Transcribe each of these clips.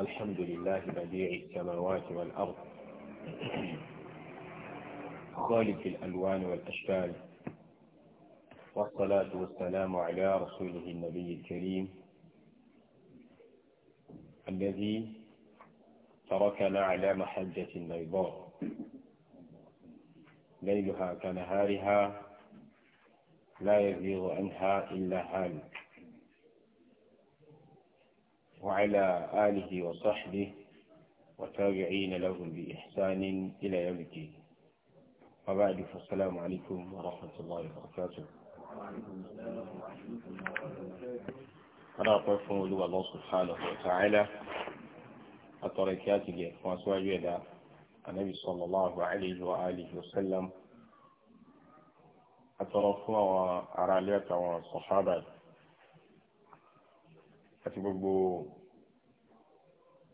الحمد لله بديع السماوات والأرض خالق الألوان والأشكال والصلاة والسلام على رسوله النبي الكريم الذي تركنا على محجة بيضاء ليلها كنهارها لا يزيغ عنها إلا هالك وعلى آله وصحبه وتابعين لهم بإحسان إلى يوم الدين وبعد فالسلام عليكم ورحمة الله وبركاته أنا أقول فهم الله سبحانه وتعالى أتركاتي لإخوان سواجه النبي صلى الله عليه وآله وسلم أتركوا وأرى لك وصحابه àti gbogbo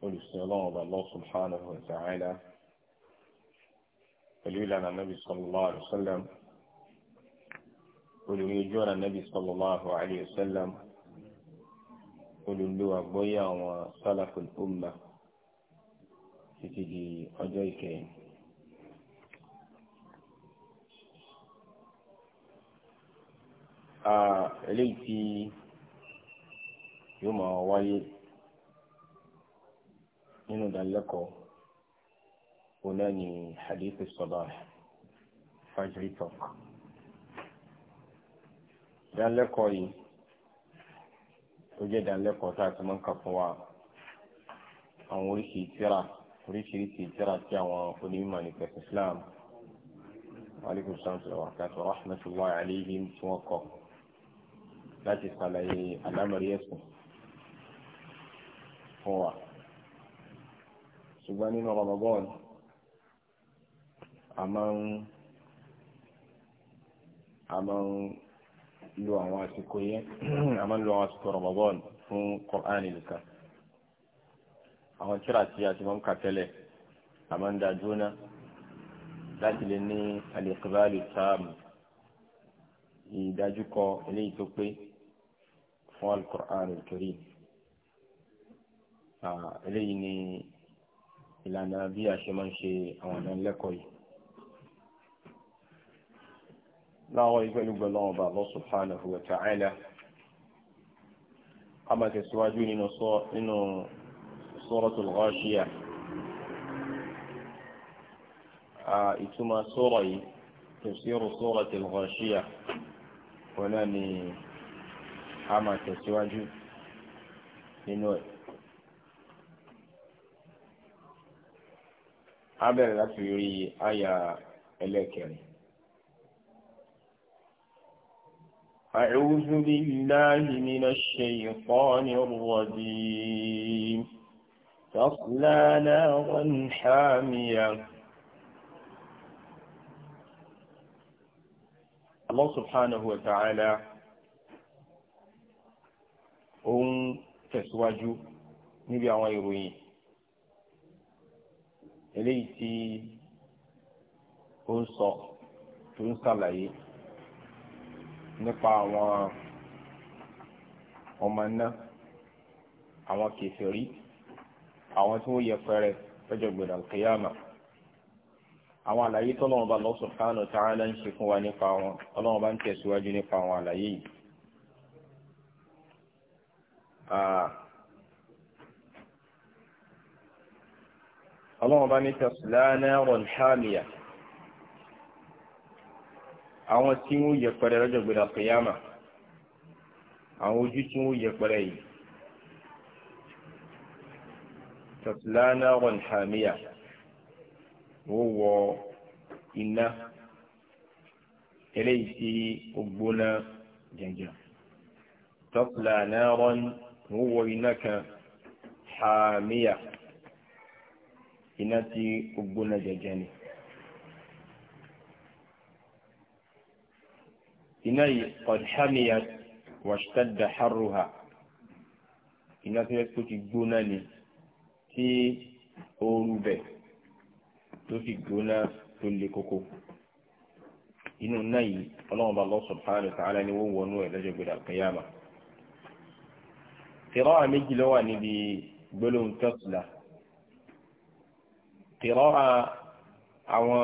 olùsìn ọlọ́run ọba Allah subhanahu wa ta'ala pẹ̀lú ìlànà nàbì sallallahu alayhi wa sallam olùrí ojú ọ̀nà nàbì sallallahu alayhi wa sallam olùlò àgbọ́yé àwọn salaful ummah títí di ọjọ́ ìkẹyìn. eléyìí tí. yóò máa wáyé nínú ìdánilẹ́kọ̀ọ́ òun náà ni hadith sabah fajri talk ìdánilẹ́kọ̀ọ́ yìí ó jẹ́ ìdánilẹ́kọ̀ọ́ tá a ti máa ń kà fún wa àwọn oríṣi ìtira oríṣiríṣi ìtira tí àwọn onímọ̀ nípa Islam aleykum salaam wa rahmatulahi alayhim tí wọ́n kọ́ láti ṣàlàyé alámọ̀rí ẹ̀sùn fún wa ṣùgbọ́n nínú Ramadan a máa ń a máa ń lo àwọn àsìkò yẹn a máa ń lo àwọn àsìkò Ramadan fún Kùránì nìkan àwọn tíra tí a ti máa ń kà tẹ́lẹ̀ a máa ń da jóná láti lè ní al-iqbal ìdájúkọ eléyìí tó pé fún al-Qur'an al eléyìí ni ìlànà bí a ṣe máa ń ṣe àwọn ọ̀nà lẹ́kọ̀ọ́ yìí. láwọn ìgbẹ́lú gbọ́lọ́wọ́ bá Allah subhanahu wa ta'ala a máa tẹ̀síwájú nínú suratul Ghashiyah ìtumọ̀ sura yìí tafsiru suratul Ghashiyah wọn náà ni a máa tẹ̀síwájú nínú ẹ̀. abẹ́rẹ́ láti rí àyà ẹlẹ́kẹrin. أعوذ بالله من الشيطان الرجيم تصلى نارا حامية الله سبحانه وتعالى ó ń tẹ̀síwájú níbi àwọn ìròyìn eléyìí tí ó ń sọ tó ń ṣàlàyé nípa àwọn ọmọ náà àwọn kèfèrí àwọn tí wọ́n yẹpẹrẹ lọ́jọ́ gbẹ̀dà kìyàmà àwọn àlàyé tọ́lọ́wọ́n bá Allah subhanahu wa ta'ala ń ṣe fún wa nípa wọn ọlọ́wọ́n bá ń tẹ̀síwájú nípa àwọn àlàyé yìí. Ah, ọlọ́run bá ní tẹ̀sílá náírà hàmìyà àwọn tí wọ́n yẹ pẹrẹ lọ́jọ́ gbéra kìyàmà àwọn ojú tí wọ́n yẹ pẹrẹ yìí tẹ̀sílá náírà hàmìyà wọ́n wọ iná eléyìí tí ó gbóná jẹjẹ tẹ̀sílá náírà wọ́n wọ iná kan hàmìyà. iná tí ó gbóná jẹjẹ ni. iná yìí ọ̀dùnhámiyà wàṣítàdà haruha iná tí wọ́n ti gbóná ni tí ooru bẹ̀ tó fi gbóná tó le koko inú náà yìí ọlọ́run bá lọ subhanahu wa ta'ala ni wọ́n wọnú ẹ̀ lọ́jọ́ gbẹdà kẹyàmà. kìrọ́ àmì jìlọ níbi gbólóhùn tọ́sílà. kìrọ́ra àwọn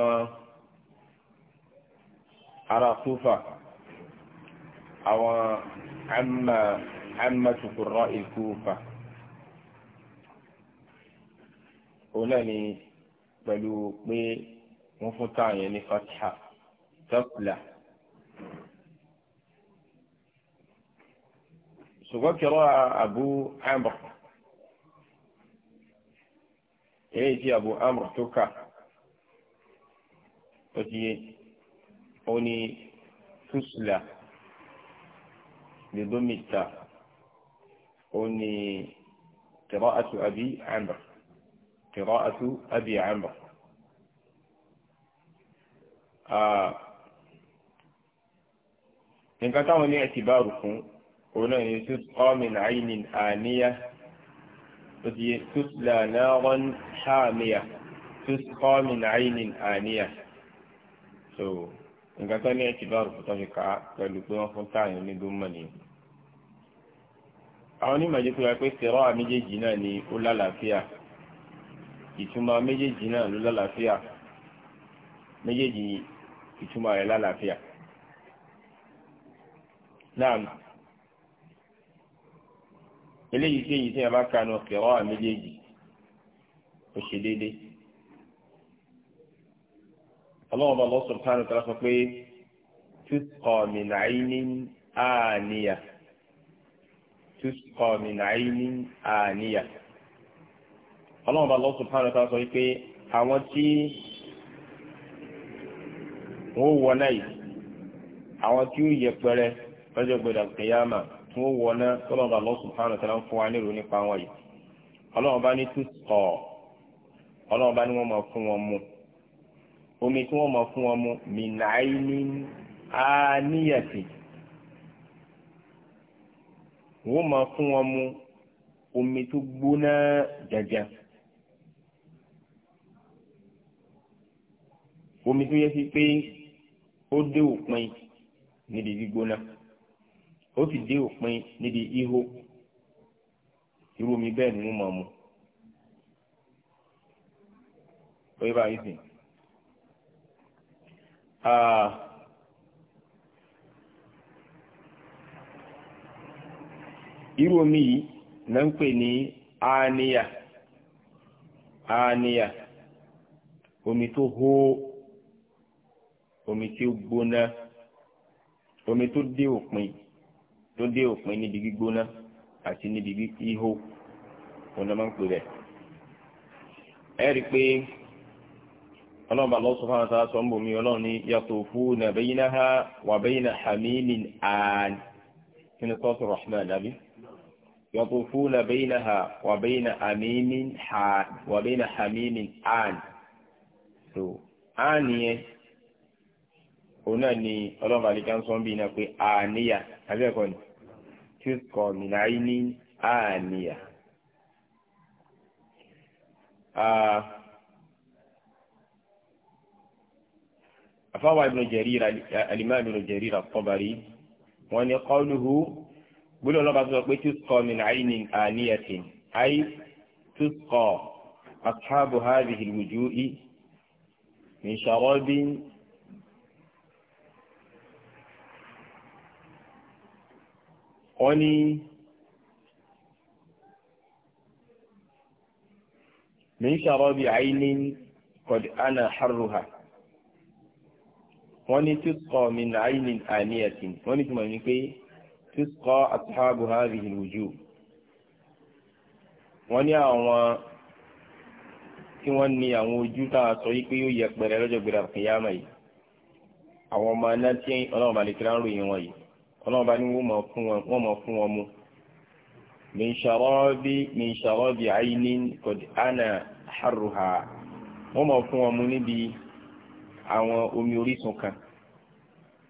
ará Kúfà àwọn àmà àmàtùkùrọ̀ ìkúfà òun náà ni pẹ̀lú pé wọ́n fún táàyàn ní fatha tọ́pìlà. ṣùgbọ́n kìrọ́ra Abu Amr. èyí tí abu amr tó kà ó ti yé ó ní fúsùlà lèdómítà ó ní qira'atu abi amr qira'atu abi amr. nǹkan táwọn ní ẹ̀tìbáàrù fún òun náà ní sísọ́ọ̀mìn àìní àníyá tòdìyẹ tutla náírán hàmìyà tusqa min aynin àníyà so nǹkan tó ní ẹtì bá rò fúnta fi kà á pẹ̀lú pé wọ́n fún táyọ̀ ní gómìnà ni. àwọn onímọ̀ ìjẹ́ pé wá pé sẹ̀rọ̀ méjèèjì náà ni ó lálàáfíà ìtumọ̀ méjèèjì náà ló lálàáfíà méjèèjì ìtumọ̀ rẹ̀ lálàáfíà. náà eléyìí tí èyí tí a bá kanu kẹwàá à méjèèjì ó ṣe déédéé ọlọ́run bá lọ́sùn kánú tó lọ́sọ pé túsọ̀ mìnàí ní àníyà túsọ̀ mìnàí ní àníyà ọlọ́run bá lọ́sùn kánú tó lọ́sọ pé àwọn tí wọ́n wọ náà yìí àwọn tí ó yẹpẹrẹ lọ́jọ́ gbọdọ̀ kẹyàmà tí wọ́n wọná tọ́lọ́ba Allah subhanahu wa ta'ala ń fún wa nílùú nípa wọn yìí ọlọ́run bá ní tú sọ ọlọ́run bá ní wọ́n máa fún wọn mu omi tí wọ́n máa fún wọn mu mìnàí ní àníyàtì wọ́n máa fún wọn mu omi tó gbóná jàjà omi tó yẹ sí pé ó dé òpin níbi gbígbóná ó sì dé òpin níbi ihò irú omi bẹ́ẹ̀ ni wọ́n máa mu oye báyìí sìn irú omi yìí náà ń pè ní àníyà àníyà omi tó hó omi tí ó gbóná omi tó dé òpin tó dé òpin níbi gbígbóná àti níbi ihò ọ̀nà máa ń pè rẹ̀. ẹ rí i pé ọlọ́run bàbá ọ̀sùn fáwọn sáà sọ ń bò mí ọlọ́run ní yatufuna baynaha wa bayna hamimin àn nínú sọ́ọ̀tù rahman dàbí. yatufuna baynaha wa bayna hamimin àn wa bayna hamimin àn. so àn yẹn òun náà ni ọlọ́run bàbá ọ̀sùn fáwọn náà pé àníyà àbí ẹ̀kọ́ ni. تسقى من عين آنية آه. أفوى ابن جرير الإمام ابن جرير الطبري وأن قوله بلو لغة تسقى من عين آنية أي تسقى أصحاب هذه الوجوه من شراب wọ́n ní min sharabi aynin qad ana harruha wọ́n ní tusqa min aynin aniyatin wọ́n ní túmọ̀ ní pé tusqa ashabu hadhihi alwujuh wọ́n ní àwọn tí wọ́n ní àwọn ojú tá a sọ yí pé yóò yẹ pẹ̀rẹ̀ lọ́jọ́ gbéra kìyàmà yìí àwọn ọmọ náà tí ọlọ́run bá lè kíra ń ròyìn wọn yìí ọlọ́run bá ní wọ́n mọ̀ fún wọn mú min sharabi min sharabi aynin qad ana harruha wọ́n mọ̀ fún wọn mú níbi àwọn omi orísun kan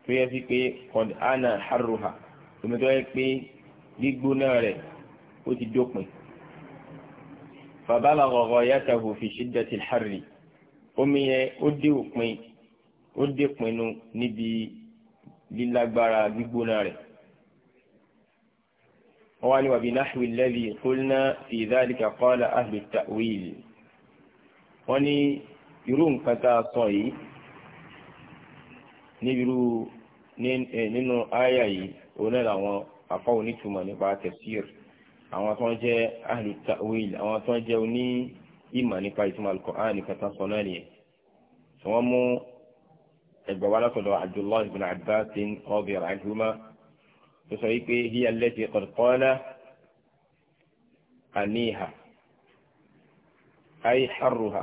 tó yẹ sí pé qad ana harruha omi tó yẹ pé gbígbóná rẹ̀ ó ti dópin fa balagha ghayatahu fi shiddati al-harri omi yẹn ó dé òpin ó dé pinnu níbi lílágbára gbígbóná rẹ̀ wọ́n wá ní wàbí nahwi alladhi qulna fi dhalika qala ahlu ta'wil wọ́n ní irú nǹkan tá a sọ yìí níbirú eh, nínú àyà yìí òun náà làwọn afọ́ onítùmọ̀ nípa tafsir àwọn tó ń jẹ́ ahlu ta'wil àwọn tó ń jẹ́ oní ìmọ̀ nípa ìtumọ̀ al-Qur'an náà nìyẹn wọ́n mú ẹgbẹ́ wa látọ̀dọ̀ abdullahi ibn abbas rọ́bì rahima tó sọ wípé hiya lẹ́tì kọ̀dùkọ́lá àníhà ayé harruha.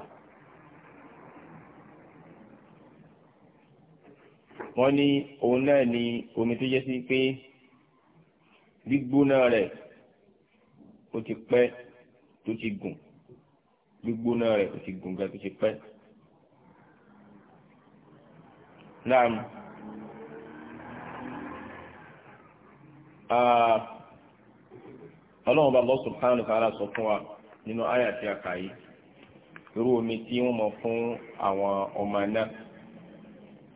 wọ́n ní òun náà ni omi tó jẹ́ sí pé gbígbóná rẹ̀ ó ti pẹ́ tó ti gùn gbígbóná rẹ̀ ó ti gùn gan tó ti pẹ́. Naam. Ah, Ọlọ́run bá Allah subhanahu wa ta'ala sọ fún wa nínú àyà tí a kà yìí. Irú omi tí wọ́n mọ̀ fún àwọn ọmọ náà.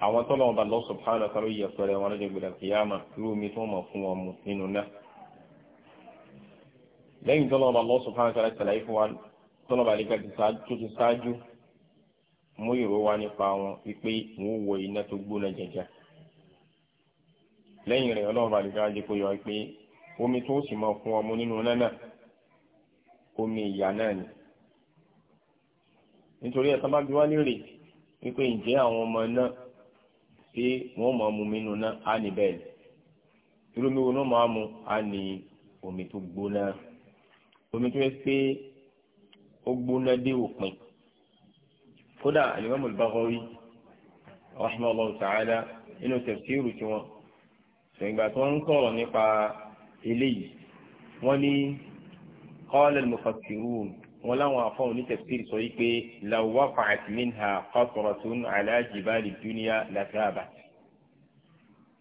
Àwọn tọ́lọ́run bá Allah subhanahu wa ta'ala yẹ sọ̀rọ̀ wọn lọ́jọ́ gbọdọ̀ kìyàmà. Irú omi tí wọ́n mọ̀ fún wọn mu nínú náà. Lẹ́yìn tọ́lọ́run bá Allah subhanahu wa ta'ala sàlàyé fún wa tọ́lọ́run bá lè gbà tó ti ṣáájú mú ìró wá nípa wọn wípé wọn ò wọ iná tó gbóná jẹjẹ lẹ́yìn rẹ̀ ọlọ́run àdìgbà jẹ́ kó yọ pé omi tó sì máa fún ọmọ nínú iná náà omi ìyá náà ni nítorí ẹ̀ sábà bí wá lérè wípé ǹjẹ́ àwọn ọmọ náà ṣé wọ́n máa mu nínú náà á ní bẹ́ẹ̀ irú mi wo náà máa mu á ní omi tó gbóná omi tó yẹ pé ó gbóná dé òpin kódà alimami Baghawi rahimahullahu ta'ala inú tafsiru tiwọn sọ̀gbà tó ń sọ̀rọ̀ nípa eléyìí wọ́n ní qala al-mufassirun wọn láwọn afọ́n ní tafsir sọ yìí pé law waqa'at minha qatratun ala jibali dunya lathaba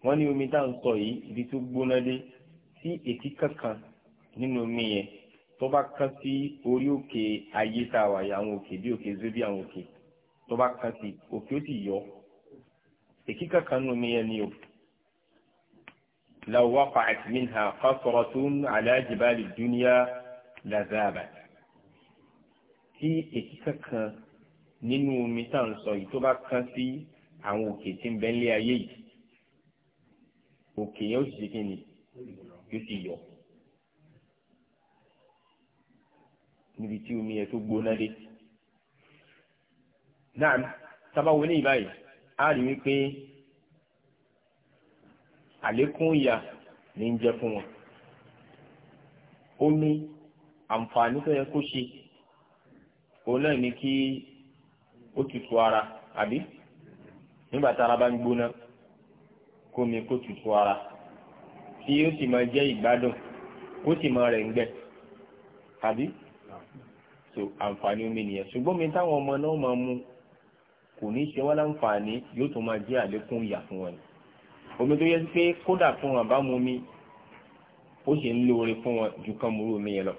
wọ́n ní omi tá à ń sọ yìí ibi tó gbóná dé tí ètí kankan nínú omi yẹn tó bá kán sí orí òkè ayé tá a wà yìí àwọn òkè bí òkè zébí àwọn òkè tó bá kan sí òkè ó sì yọ èkí kankan nù mí yẹn ni o. لو وقعت منها قطرة على جبال الدنيا لذابت tí èkí kankan nínú omi tá à ń sọ yìí tó bá kán sí àwọn òkè tí ń bẹ nílé ayé yìí òkè yẹn ó sì ṣe kí yóò sì yọ níbi tí omi yẹn tó gbóná dé náà tábàwọ ni ìbáyìí a rí wípé àlékún ìyà ní ń jẹ fún wọn omi àǹfààní tó yẹ kó ṣe òun náà ni kí ó tutù ara àbí nígbà tára bá ń gbóná kó mi kó tutù ara tí ó sì máa jẹ́ ìgbádùn ó sì máa rẹ̀ ń gbẹ àbí so àǹfààní omi nìyẹn ṣùgbọ́n mi táwọn ọmọ náà máa mu kò ní ṣe wọ́n láǹfààní yóò tún máa jẹ́ àlékún ìyà fún wọn omi tó yẹ sí pé kódà fún wọn bá mu mi ó ṣe ń lóore fún wọn ju kan mú omi yẹn lọ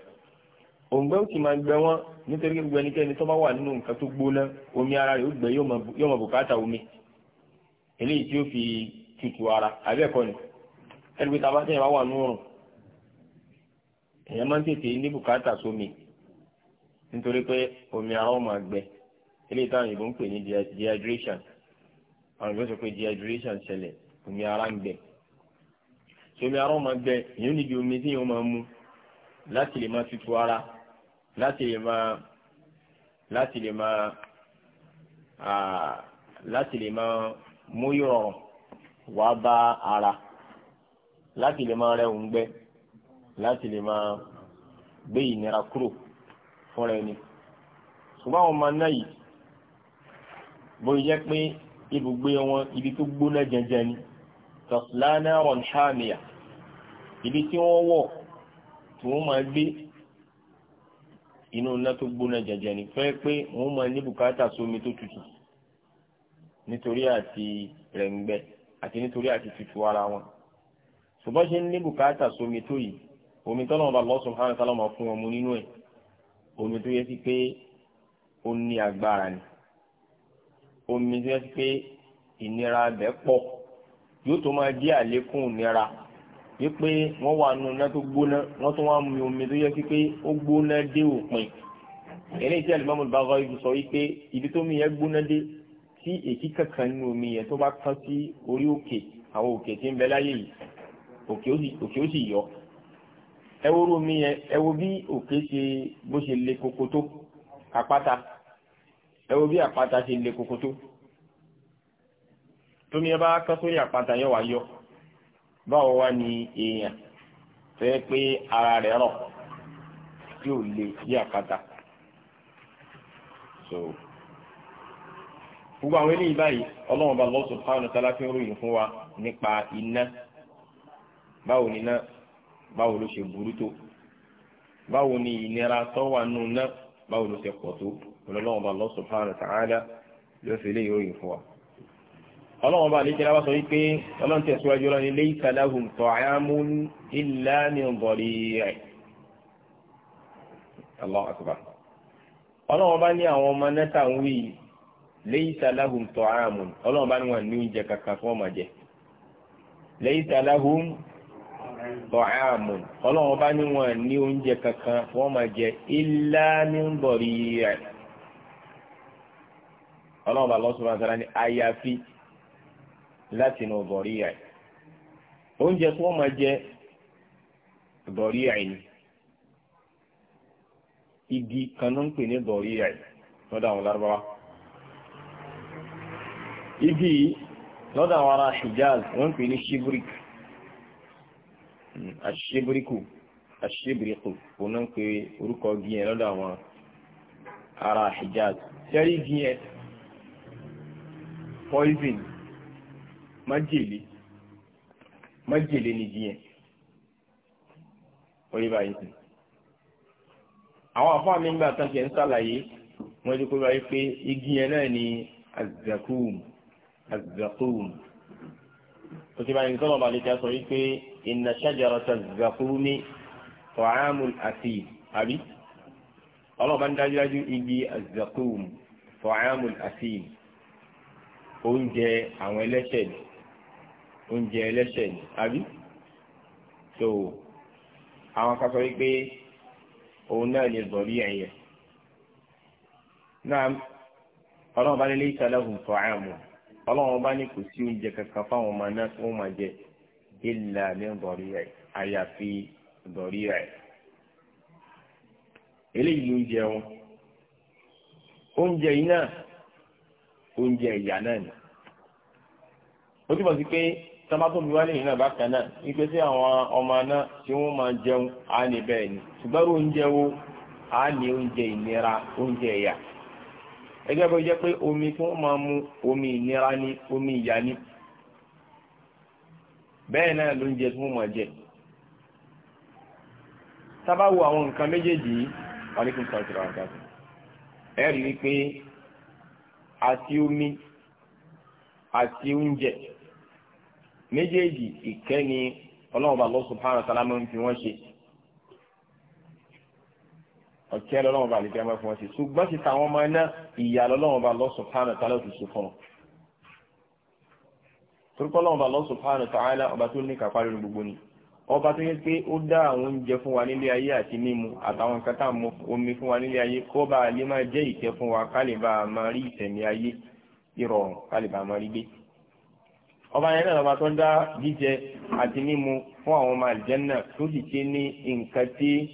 òǹgbẹ́ ó sì máa gbẹ wọ́n nítorí gbogbo ẹnikẹ́ni tó bá wà nínú nǹkan tó gbóná omi ara rẹ̀ ó gbẹ yóò máa bùkátà omi eléyìí tí ó fi tutù ara àbẹ́ẹ̀kọ́ ni ẹni pé tàbá tẹ̀yìn bá wà nínú òrùn èèyàn máa ń tètè ní bùkátà sómi nítorí pé omi ara ó máa gbẹ eléyìí táwọn òyìnbó ń pè ní dehydration àwọn òyìnbó sọ pé dehydration ṣẹlẹ̀ omi ara ń gbẹ omi ara máa gbẹ èèyàn níbi omi tí èèyàn máa mú láti lè máa tutù ara láti lè máa láti lè máa láti lè máa mú ìrọ̀rùn wá bá ara láti lè máa rẹ òun gbẹ láti lè máa gbé ìnira kúrò fúnra ẹni ṣùgbọ́n àwọn ọmọ náà yìí bó jẹ́ pé ibùgbé wọn ibi tó gbóná jẹjẹ ni tọ̀sílánà rọ̀nṣáàmìyà ibi tí wọ́n wọ̀ tí wọ́n máa gbé inú iná tó gbóná jẹjẹ ni fẹ́ pé wọ́n máa ní bùkátà sómi tó tutù nítorí àti rẹ̀ǹgbẹ́ àti nítorí àti tutù ara wọn ṣùgbọ́n ṣe ń ní bùkátà sómi tó yìí omi tọ́lọ́ ọba Allah subhanahu wa ta'ala fún wọn nínú ẹ̀ omi tó yẹ sí pé ó ní agbára ni omi tó yẹ pé ìnira bẹ pọ̀ yóò tó máa di àlékún ìnira wípé wọ́n wà nù náà tó gbóná wọ́n tún wá mu omi tó yẹ pé ó gbóná dé òpin eléyìí tí alimami bàbá yìí sọ wípé ibi tó mi yẹ gbóná dé tí èkí kankan nínú omi yẹn tó bá kán sí orí òkè àwọn òkè tí ń bẹ láyé yìí òkè ó sì yọ ẹ wo omi yẹn ẹ wo bí òkè ṣe bó ṣe le koko tó àpáta ẹ wo bí àpáta ṣe le koko tó tómi ẹ bá kán sórí àpáta yẹ wá yọ báwo wá ní èèyàn tó yẹ pé ara rẹ̀ rọ̀ yóò le bí àpáta so gbogbo àwọn eléyìí báyìí ọlọ́run bá Allah subhanahu wa ta'ala fi ń ròyìn fún wa nípa iná báwo ni iná báwo ló ṣe burú tó báwo ni ìnira tó wà nù náà báwo ló ṣe pọ̀ tó. ọlọ́wọ́n bá Allah subhanahu wa fi lè yọrin fún wa. ọlọ́wọ́n bá lè sọ wípé ọlọ́run tẹ̀síwájú ọlọ́ni lahum ta'amun illa min dari'. Allahu akbar. ọlọ́wọ́n bá ní àwọn ọmọ nẹ́ta ń wí lahum ta'amun ọlọ́wọ́n bá ní wọn ní oúnjẹ kankan fún ọmọ jẹ. lahum tọ́hámù ọlọ́run bá ní wọn ní oúnjẹ kankan jẹ ilá ní ọlọ́run bá lọ́sùn máa tara ní àyàfi láti inú bọ̀ríyà ẹ̀ oúnjẹ tí wọ́n máa jẹ bọ̀ríyà ẹ̀ ni igi kan ló ń pè ní bọ̀ríyà ẹ̀ lọ́dọ̀ àwọn lárúbáwá igi yìí lọ́dọ̀ àwọn ará Hijaz wọ́n ń pè ní shibrik hmm, ashibriku ashibriku òun náà ń pè orúkọ igi yẹn lọ́dọ̀ àwọn ará Hijaz sẹ́rí igi yẹn poison májèlé májèlé nìdí yẹn orí báyìí sí àwọn àfáà mi nígbà tán tiẹ̀ ń sàlàyé wọ́n ti kó báyìí pé igi yẹn náà ni azakum azakum ó ti báyìí sọ́nà balẹ̀ já sọ wípé inna shajarata azakumi ta'amul asim àbí ọlọ́ọ̀bá ń dájúdájú igi azakum ta'amul asim oúnjẹ àwọn ẹlẹ́ṣẹ̀ ni oúnjẹ ẹlẹ́ṣẹ̀ ni àbí so àwọn kan sọ wípé òun náà lè zọ̀ rí ẹ̀yẹ náà ọlọ́run bá nílé ìsàlẹ̀hùn fọ àmọ́ ọlọ́run bá ní kò sí oúnjẹ kankan fáwọn ọmọ náà tí máa jẹ ìlà ní ìdọ̀rí rẹ̀ àyàfi ìdọ̀rí rẹ̀ eléyìí ló ń jẹun oúnjẹ yìí náà. oúnjẹ ìyà náà ni ó túbọ̀ sí pé tọ́mátòmí wálé yìí náà bákan náà wípé sí àwọn ọmọ náà tí wọ́n máa jẹun á ní bẹ́ẹ̀ ni ṣùgbọ́n oúnjẹ wo á ní oúnjẹ ìnira omi tí wọ́n máa mu omi ìnira ni omi ìyà ni bẹ́ẹ̀ náà lóúnjẹ tí wọ́n máa jẹ àwọn nǹkan méjèèjì àti omi àti oúnjẹ méjèèjì ìkẹ́ni ọlọ́run bá Allah subhanahu wa ta'ala máa ń fi wọ́n ṣe ọ̀kẹ́ lọ́lọ́run bá àlejò máa ń fi wọ́n ṣe ṣùgbọ́n ti tàwọn ọmọ iná ìyá lọ́lọ́run bá Allah subhanahu wa ta'ala fi ṣe fún ọ. torí pé ọlọ́run bá Allah subhanahu wa ta'ala ọba tó ní kápá lórí gbogbo ni ọba tó yẹ pé ó dá àwọn oúnjẹ fún wa nílé ayé àti mímu àtàwọn nǹkan tá à mú omi fún wa nílé ayé kó bá a lè máa jẹ́ ìkẹ́ fún wa ká lè bá a máa rí ìtẹ̀mí ayé ìrọ̀rùn ká máa rí gbé. ọba yẹn náà lọ́ba tó dá jíjẹ àti mímu fún àwọn ọmọ àlìjẹ́nà tó sì ṣe ní nǹkan tí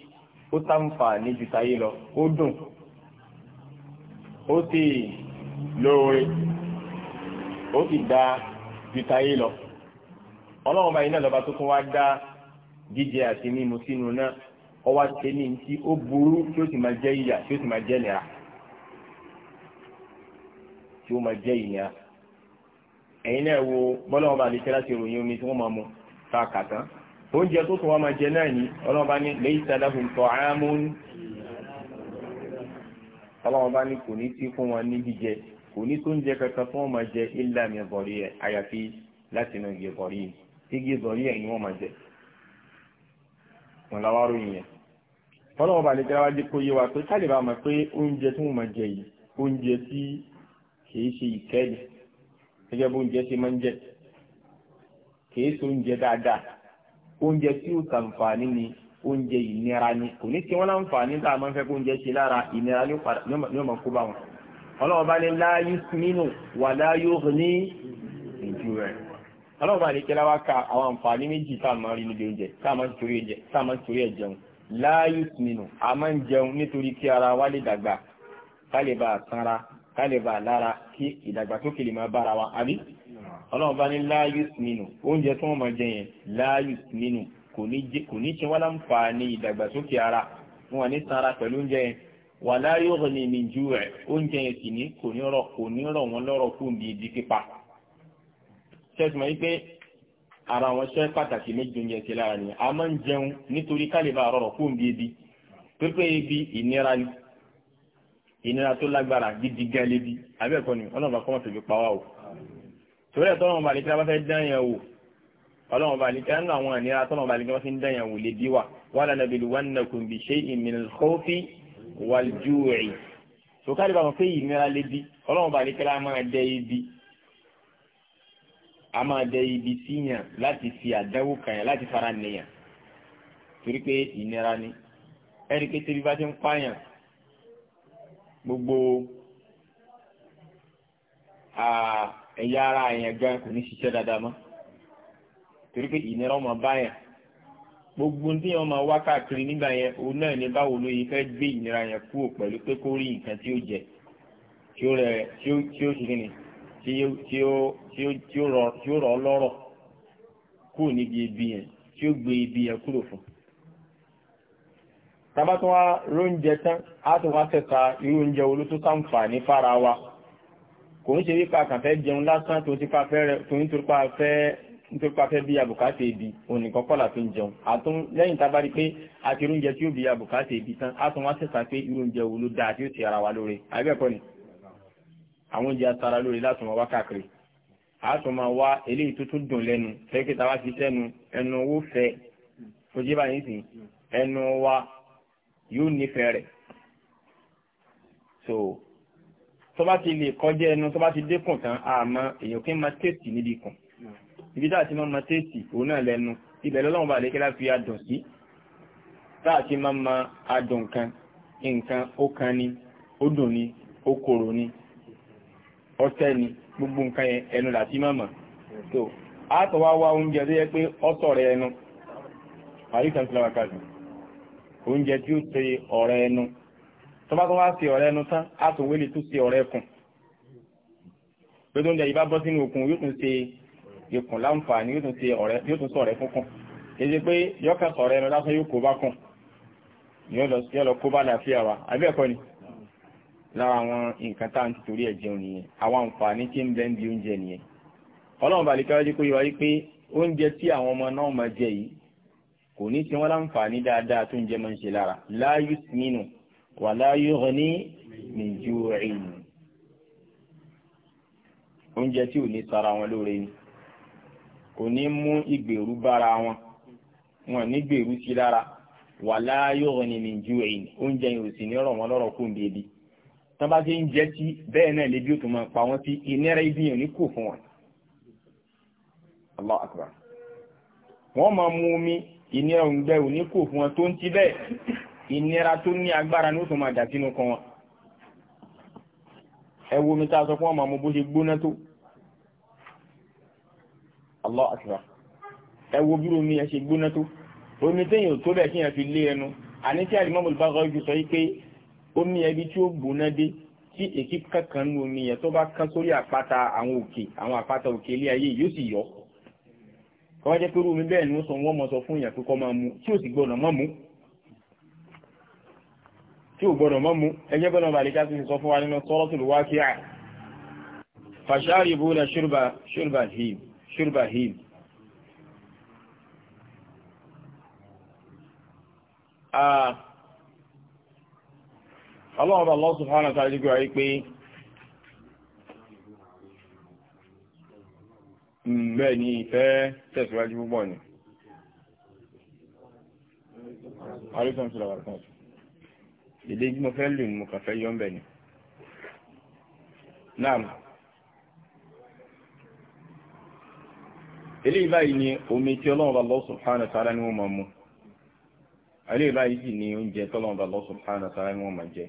ó sáǹfà ní ju táyé lọ ó dùn ó sì lóore ó sì dá ju táyé lọ ọlọ́run ọba náà lọ́ba tó tún wá dá jíjẹ àti mímu sínú náà ọwá ṣe ní tí ó burú tí ó sì máa jẹ́ ìyà tí ó sì máa jẹ́ ìnira tí ó máa jẹ́ ìnira ẹ̀yin náà wo bọ́lá ọba àdìsẹ́ láti ròyìn omi tí wọ́n máa mu ta kàtán oúnjẹ tó tún wá máa jẹ náà ní ọlọ́ọ̀bá ní lẹ́yìn sádàbùn tọ́ àmún ọlọ́ọ̀bá ní kò ní sí fún wọn ní jíjẹ kò ní tó ń jẹ kankan fún wọn máa jẹ ilé àmì ẹ̀bọ̀rí ẹ̀ àyàfi látinú ìgbẹ̀bọ̀rí igi ẹ̀ ni wọ́n máa jẹ wọn làwọn aróyìn yẹn fọlọ́wọ́ bá nìkan wá jẹ́ kó yé wa pé ká lè bá mọ̀ pé oúnjẹ tí wọ́n máa jẹ yìí oúnjẹ tí kìí ṣe ìkẹ́lẹ̀ gẹ́gẹ́ bó oúnjẹ ṣe máa ń jẹ kìí ṣe oúnjẹ dáadáa oúnjẹ tí ó ṣàǹfààní ni oúnjẹ ìnira ni kò ní tí wọ́n láǹfààní tá a máa ń fẹ́ kó oúnjẹ ṣe lára ìnira ni ó máa kó bá wọn ọlọ́wọ́ bá ní la yusminu wà la yughni ìjú rẹ̀ ọlọ́run bá lè ka àwọn àǹfààní méjì tá a máa rí níbi oúnjẹ tá a máa torí oúnjẹ tá a máa torí ẹ̀ jẹun láàyè nínú a máa ń jẹun nítorí kí ara wa lè dàgbà ká lè bá a sanra ká lè bá a lára kí ìdàgbàsókè lè máa bára wa àbí ọlọ́run bá ní láàyè nínú oúnjẹ tí wọ́n máa jẹ yẹn láàyè nínú kò ní ṣe wá láǹfààní ìdàgbàsókè ara wọn ní sanra pẹ̀lú oúnjẹ yẹn wà láàyè ọ̀rọ̀ ní ìmìjú rẹ̀ oúnjẹ yẹn sì ní kò ní rọ̀ wọn lọ́rọ̀ kú ní pípa tẹ́sùmọ̀ yìí pé ara àwọn iṣẹ́ pàtàkì méjì ń yẹ sí lára ni a máa ń jẹun nítorí kálíbà rọrọ̀ fún bí ebi pépé ebi ìnira ni ìnira tó lágbára gidi gan lébi abẹ́ẹ̀kọ́ ni ọlọ́run bá kọ́mọ̀ tòbi pawá o torí ẹ̀ tọ́lọ́run bá lè kí wọ́n fẹ́ dán yẹn wò ọlọ́run bá lè kí wọ́n àwọn ìnira tọ́lọ́run bá lè kí wọ́n fi dán yẹn wò lè bí wà wala nabluwannakum bi shay'in minal khawfi wal ju'i tó kálíbà wọn pé ìnira lébi ọlọ́run bá lè kí wọ́n máa dẹ ibi a máa dẹ ibi síyàn láti fi àdáwò kàyàn láti fara nìyàn torí pé ìnira ni ẹ̀rí pé tẹ́bí bá ti ń pààyàn gbogbo ẹ̀yà ara èèyàn gan kò ní ṣiṣẹ́ dáadáa mọ́ torí pé ìnira ọmọ báyàn gbogbo tí wọn máa wá káàkiri nígbà yẹn òun náà ní báwo ló yẹ fẹ́ gbé ìnira yẹn kúrò pẹ̀lú pé kó rí nǹkan tí ó jẹ tí ó rẹ̀ tí ó ṣe kí ni tí ó tí ó tí ó tí ó rọ tí ó rọ lọ́rọ̀ kúrò níbi ibi yẹn tí ó gbé ibi yẹn kúrò fún. tábà tó wá róúnjẹ tán á tó wá tẹ̀ka irú oúnjẹ wo ló tó sàǹfààní wa kò ń ṣe wípa kàfẹ́ jẹun lásán tó ti pa fẹ́ rẹ tó ń torípa fẹ́ nítorí pa fẹ́ bí abùkátà ebi ònìkan kọ́là tó ń jẹun àtún lẹ́yìn tá a bá rí pé àti irú oúnjẹ tí ó bí abùkátà ebi tán á tún wá sẹ̀sà pé irú oúnjẹ wo tí ó ti ara wa lóore àbẹ́ẹ̀kọ́ ni àwọn oúnjẹ asara lórí láti máa wá káàkiri àátún máa wá eléyìí tó tún dùn lẹ́nu fẹ́kẹ́ta wá fi sẹ́nu ẹnu owó fẹ́ fojú báyìí sìn ẹnu wa yóò nífẹ̀ẹ́ rẹ̀ so tó bá ti lè kọjá ẹnu tó bá ti dékùn tán àmọ́ èèyàn kí n máa tètè níbi kan ibi tá a ti máa ma tètè òun náà lẹ́nu ibẹ̀ lọ́lọ́run bá lè kí láti fi adùn sí tá a ti máa ma adùn nǹkan nǹkan ó kan ni ó dùn ni ó korò ni ọṣẹ ni gbogbo nǹkan yẹn ẹnu láti mọ̀mọ̀ so àtọ̀ wá wá oúnjẹ tó yẹ pé ọ̀sọ̀ rẹ ẹnu àríkàn tí lọ́wọ́ kájú oúnjẹ tí ó ṣe ọ̀rẹ́ ẹnu tó bá tó wá ṣe ọ̀rẹ́ ẹnu tán àtòwélé tó ṣe ọ̀rẹ́ ẹkùn pé tó ń jẹ ìbá bọ́ sínú okùn yóò tún ṣe ikùn láǹfààní yóò tún ṣe ọ̀rẹ́ yóò tún pé yọ́kà sọ̀rẹ́ ẹnu lásán yóò kó bá kùn yóò lọ kó bá làáfíà wa àbí ẹ̀kọ́ ni lára àwọn nǹkan tá à ń ti torí ẹ̀ jẹun nìyẹn àwọn àǹfààní tí ń bẹ ń bi oúnjẹ nìyẹn ọlọ́run bàlẹ́ kí wọ́n jẹ́ pé oúnjẹ tí àwọn ọmọ náà máa jẹ yìí kò ní tí wọ́n láǹfààní dáadáa tó ń jẹ máa ń ṣe lára la yusminu wa la yughni min ju'in oúnjẹ tí ò ní sara wọn lóore ni kò ní mú ìgbèrú bára wọn wọn ní gbèrú sí lára wa la yughni min ju'in oúnjẹ yìí ò sì ní rọ̀ wọn lọ́rọ̀ kó ń bèbí tán bá ti ń jẹ́ tí bẹ́ẹ̀ náà lè bí ó tó máa pa wọ́n tí ìnira ibìyàn ní kò fún wọn Allah akbar wọ́n máa mú omi ìnira òǹgbẹ ò ní kò fún wọn tó ń ti bẹ́ẹ̀ ìnira tó ní agbára ní ó tó máa dà sínú kan wọn ẹ wo omi tá a sọ fún wọn bó ṣe gbóná tó Allah akbar ẹ wo bí omi ẹ ṣe gbóná tó omi téèyàn tó bẹ́ẹ̀ kí yẹn fi lé ẹnu àní tí àlìmọ́mù bá rọ́jú sọ yí pé omi ẹbí tí ó gbóná dé tí èkí kankan nu omi yẹn tó bá kán sórí àpáta àwọn òkè àwọn àpáta òkè ilé ayé yóò sì yọ kọ́ jẹ́ pé omi bẹ́ẹ̀ ni ó sọ wọ́n mọ sọ fún èèyàn pé kọ́ máa mu tí ò sì gbọ́dọ̀ mọ́ mu tí ò gbọ́dọ̀ mọ́ mu ẹgbẹ́ bọ́dọ̀ bàlẹ́ ká sì sọ fún wa nínú Suratul Waqi'a fasharibuna shurba hìm shurba hìm ah ọlọ́ọ̀bà Allah subhanahu wa ta'ala gbà wípé mm, bẹ́ẹ̀ ni ìfẹ́ tẹ̀síwájú púpọ̀ ni àríkàn sílọ̀ àríkàn ìdí tí mo fẹ́ lè mú kàfẹ́ yọ́ bẹ́ẹ̀ ni náà ilé ìbáyìí ni omi tí ọlọ́ọ̀bà Allah subhanahu wa ta'ala ni wọ́n máa mú ilé ìbáyìí sì ni oúnjẹ tọ́lọ́ọ̀bà Allah subhanahu wa ta'ala ni wọ́n máa jẹ́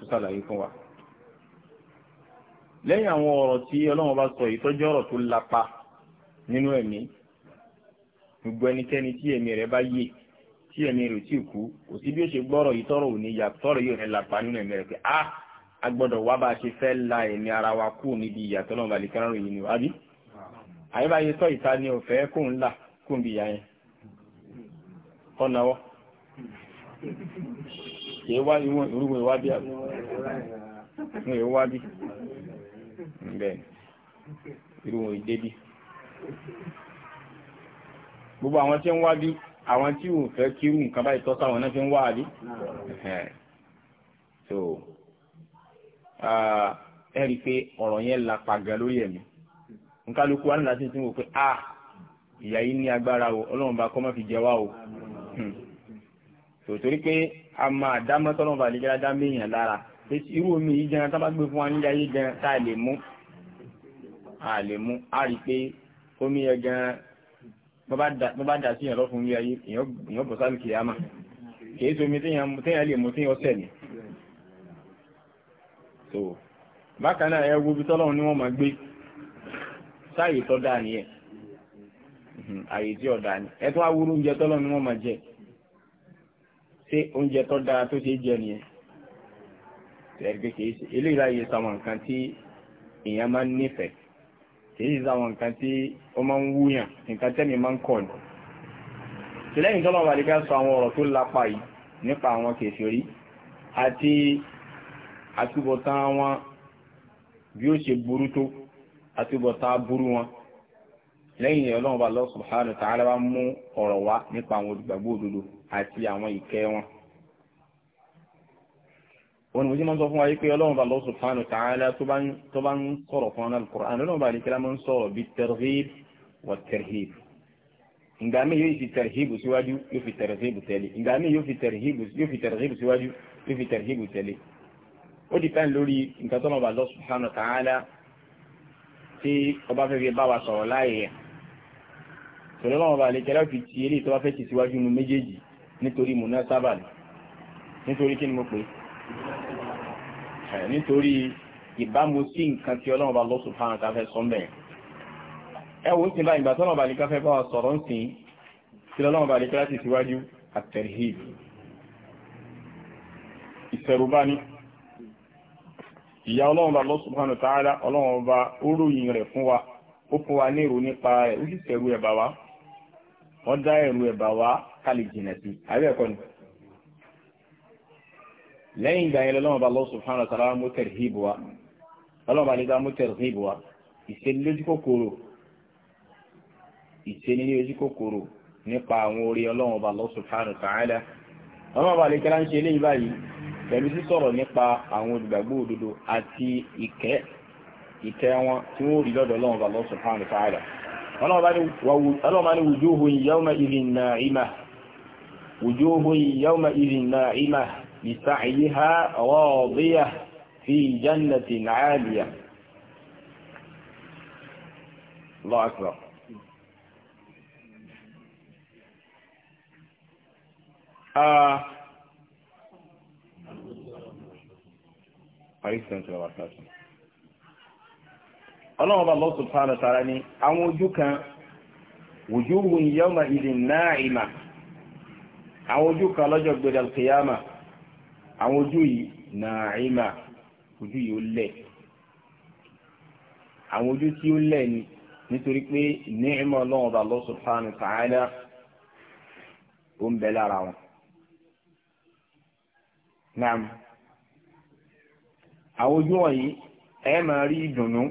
tó ṣàlàyé fún wa. lẹ́yìn àwọn ọ̀rọ̀ tí ọlọ́run bá sọ ìtọ́jú ọ̀rọ̀ tó lapa nínú ẹ̀mí gbogbo ẹnikẹ́ni tí ẹ̀mí rẹ̀ bá yé tí ẹ̀mí rẹ̀ tí kú kò sí bí ó ṣe gbọ́rọ̀ yìí tọ́rọ̀ òní yà tọ́rọ̀ yìí rẹ̀ lapa nínú ẹ̀mí rẹ̀ pé ah, a a wá bá a ṣe fẹ́ la ẹ̀mí ara wa kú níbi ìyàtọ̀ lọ́nà balẹ̀ kìí wá ìwọ̀n ìrúwọ̀n ìwádìí àbí ìwọ̀n ìwádìí bẹ́ẹ̀ ìrúwọ̀n ìdébí gbogbo àwọn tí ń wádìí àwọn tí ò fẹ́ kírù nǹkan báyìí tọ́ sáwọn náà fi ń wáàdí so ẹ rí i pé ọ̀rọ̀ yẹn lapa gan lórí ẹ̀mí nkálukú wa ní láti tún wò pé a ìyá yìí ní agbára o ọlọ́run bá kọ́ má fi jẹ wá o hmm. tòtòrí pé àmà àdámọ́tọ́nà bàlẹ́gẹ́lá dá méèyàn lára irú omi yìí gan tá bá gbé fún wa nílé ayé gan tá a lè mú a lè mú a rí pé omi yẹn gan bọ́ bá dà sí yàn lọ́fun nílé ayé èèyàn bọ̀ sálù kìí kìí sí omi téèyàn lè mú téèyàn sẹ̀ ni. so bákan náà ẹ wo ibi tọ́lọ́run ni wọ́n máa gbé sáàyè tọ́ dáa nìyẹn àyè tí ọ̀dà ni ẹ tún wá wúrú oúnjẹ tọ́lọ́run ni wọ́n máa jẹ ṣé oúnjẹ tó dára tó ṣe jẹ nìyẹn tẹ̀gbẹ́ kìí ṣe eléyìí láàyè sáwọn nǹkan tí èèyàn máa ń nífẹ̀ẹ́ kìí ṣe sáwọn nǹkan tí ó máa ń wúyàn nǹkan tẹ́mi máa ń kọ̀ ní. tìlẹ́yìn tó lọ́wọ́ àdìgá sọ àwọn ọ̀rọ̀ tó lápá yìí nípa àwọn kèfèrí àti àtúbọ̀tán wọn bí ó ṣe burú tó àtúbọ̀tán burú wọn lẹ́yìn ọlọ́run bá Allah subhanahu wa ta'ala mú ọ̀rọ̀ wá nípa àwọn olùgbàgbọ́ òdodo àti àwọn ìkẹ́ wọn wọn mo ti máa ń sọ fún wa yìí pé ọlọ́run bá lọ́sùn fáánù tààlà tó bá ń sọ̀rọ̀ fún ọ́nà alukur'an ọlọ́run bá nìkẹ́lá máa ń sọ̀rọ̀ bíi tẹ̀rẹ̀hìb wà tẹ̀rẹ̀hìb ìgbà mi yóò fi tẹ̀rẹ̀hìb síwájú yóò fi tẹ̀rẹ̀hìb tẹ̀lé ìgbà mi yóò fi tẹ̀rẹ̀hìb síwájú yóò fi tẹ̀rẹ̀hìb tẹ̀lé ó di pẹ́ẹ́n lórí nǹkan tó máa bá lọ́sùn fáánù tààlà tí ọba nítorí mùnásábà ni nítorí kí ni mo pè é nítorí ìbámu sí nǹkan tí ọlọ́run bá lọ sùn fáwọn tá a fẹ́ sọ ń bẹ̀rẹ̀ ẹ sí báyìí ìgbà bá lè káfẹ́ bá wa sọ̀rọ̀ ń sìn kí ọlọ́run bá lè kí láti síwájú àtẹ̀rẹ̀hìb ìṣẹ̀rùbáni bá lọ sùn fáwọn bá ó wa ó fún wa ká lè jìnà ni. yẹn lọ́wọ́ bá Allah subhanahu wa sara mú tarhib wa lọ́wọ́ bá nígbà mú tarhib wa ìṣeni lójú kòkòrò ìṣeni ní ojú kòkòrò nípa àwọn orí ọlọ́wọ́ bá Allah subhanahu wa ta'ala lọ́wọ́ bá lè ń ṣe báyìí nípa àwọn òdodo àti wọn tí rí bá وجوه يومئذ ناعمة لسعيها راضية في جنة عالية الله أكبر آه. اللهم الله سبحانه وتعالى أن وجوه يومئذ ناعمة àwọn ojú kan lọ́jọ́ gbẹ̀dẹ̀ alkiyama àwọn ojú yìí nàáìmà ojú yìí ó lẹ̀ àwọn ojú tí ó lẹ̀ ni nítorí pé ni'ma ọlọ́run ọba Allah subhanahu wa ó ń bẹ lára wọn. naam àwọn ojú wọ̀nyí ẹ máa rí ìdùnnú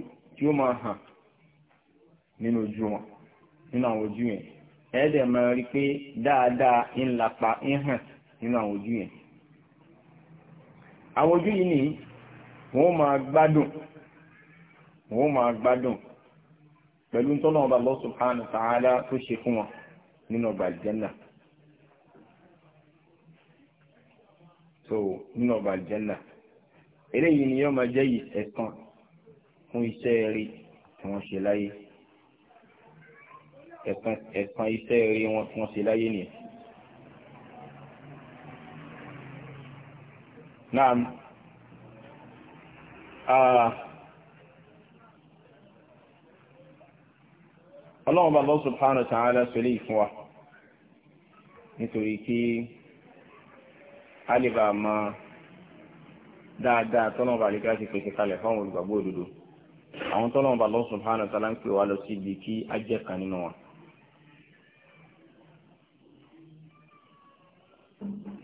ẹ̀ẹ́dẹ̀ máa rí pé dáadáa ń lapa ń hàn nínú àwọn ojú yẹn àwọn ojú yìí ni wọ́n máa gbádùn wọ́n máa gbádùn pẹ̀lú tọ́lọ́wọ́n bá Allah subhanahu wa ta'ala tó ṣe fún wọn nínú ọgbà àlìjẹ́nà so nínú ọgbà àlìjẹ́nà eléyìí ni yóò máa jẹ́ ẹ̀san fún iṣẹ́ rí tí wọ́n ṣe láyé ẹ̀san iṣẹ́ rí wọn tí wọ́n ṣe láyé nìyẹn. Naam ọlọ́run bá Allah subhanahu wa ta'ala sọlẹ̀ ìfún wa nítorí kí a lè bá a mọ dáadáa tọ́lọ́run bá àdékà ti pèsè kalẹ̀ fáwọn olùgbàgbọ́ òdodo àwọn tọ́lọ́run bá Allah subhanahu wa ta'ala ń kí a jẹ́ kan nínú wọn.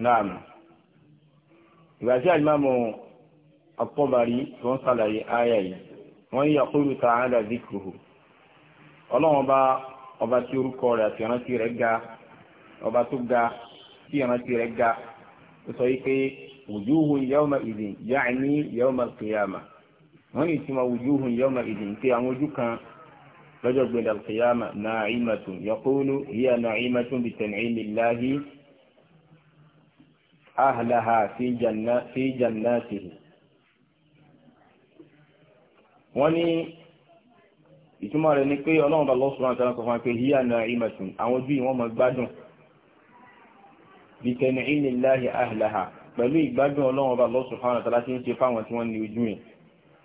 naam ìgbà tí àjùmọ̀mù àpọ̀bàrí tó ń sàlàyé ayà yìí wọ́n yí àkóyù ta àádà zikruhu ọlọ́wọ́n bá ọba tí orúkọ rẹ̀ àti ìrántí rẹ̀ ga ọba tó ga tí ìrántí rẹ̀ ga ó sọ wípé wọ́n ní ìtumọ̀ pé àwọn ojú kan lọ́jọ́ أهلها في janna في جناته وني ní ìtumọ̀ rẹ̀ ni pé ọlọ́run bá lọ́sùn láti ránṣọ fún wa pé hiya na'imatun àwọn ojú ìwọ́n mọ̀ gbádùn bí tẹ̀lé ilẹ̀ láàyè ahlaha pẹ̀lú ìgbádùn ọlọ́run ọba Allah subhanahu wa ta'ala tí ń ṣe fáwọn tí wọ́n ní ojú yẹn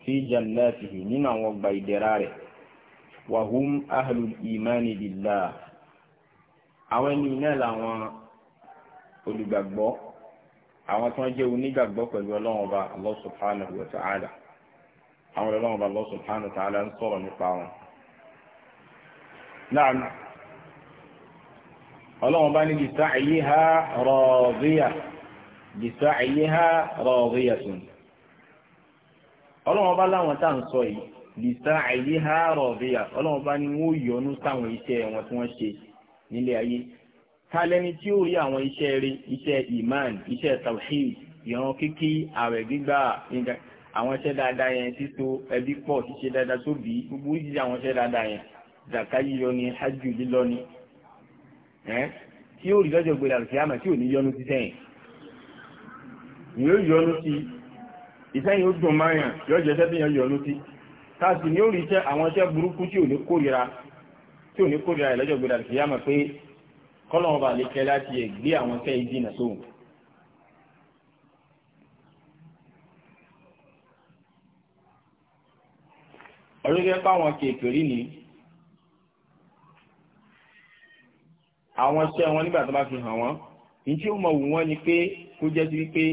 fi jannatihi nínú àwọn ọgbà ìdẹ̀ra rẹ̀ wa hum ahlul imani àwọn ẹni náà làwọn olùgbàgbọ́ àwọn tí wọ́n jẹ́ onígbàgbọ́ pẹ̀lú ọlọ́run ọba Allah subhanahu wa ta'ala àwọn ọlọ́run ọba Allah ń sọ̀rọ̀ nípa wọn. Naam ọlọ́run ọba ní bisa'iha radiya bisa'iha radiya tún. ọlọ́run ọba láwọn tá à ń sọ yìí bisa'iha radiya ọlọ́run ọba ní wọ́n yọ́nú sáwọn iṣẹ́ wọn tí wọ́n ṣe nílé ayé. talẹni tí ó rí àwọn iṣẹ́ rí iṣẹ́ iman iṣẹ́ tawhid ìran kíkí ààwẹ̀ gbígbà àwọn iṣẹ́ dáadáa yẹn síso ẹbí pọ̀ ṣíṣe dáadáa tó bí gbogbo ìdíje àwọn iṣẹ́ dáadáa yẹn zaka yíyọ ni hajj lílọ ni tí ó rí lọ́jọ́ gbèrè àti àmà tí ò ní yọnu sí sẹ́yìn ni ó yọnu sí ìsẹ́yìn ó dùn máyàn yọjọ iṣẹ́ tí yẹn yọnu sí káàsì ni ó rí iṣẹ́ àwọn iṣẹ́ burúkú tí ò ní kórira tí ò ní kórira ìlọ́jọ́ gbèrè àti àmà pé kọ́lọ́wọ́n bá lè kẹ́ láti ẹ̀ gbé àwọn kẹ́ ìdínà sóhun. ọ̀rẹ́gẹ́ fáwọn kèfèrí ni àwọn iṣẹ́ wọn nígbà tó bá fi hàn wọ́n ní ó mọ̀ wù wọ́n ni pé kó jẹ́ sí wípé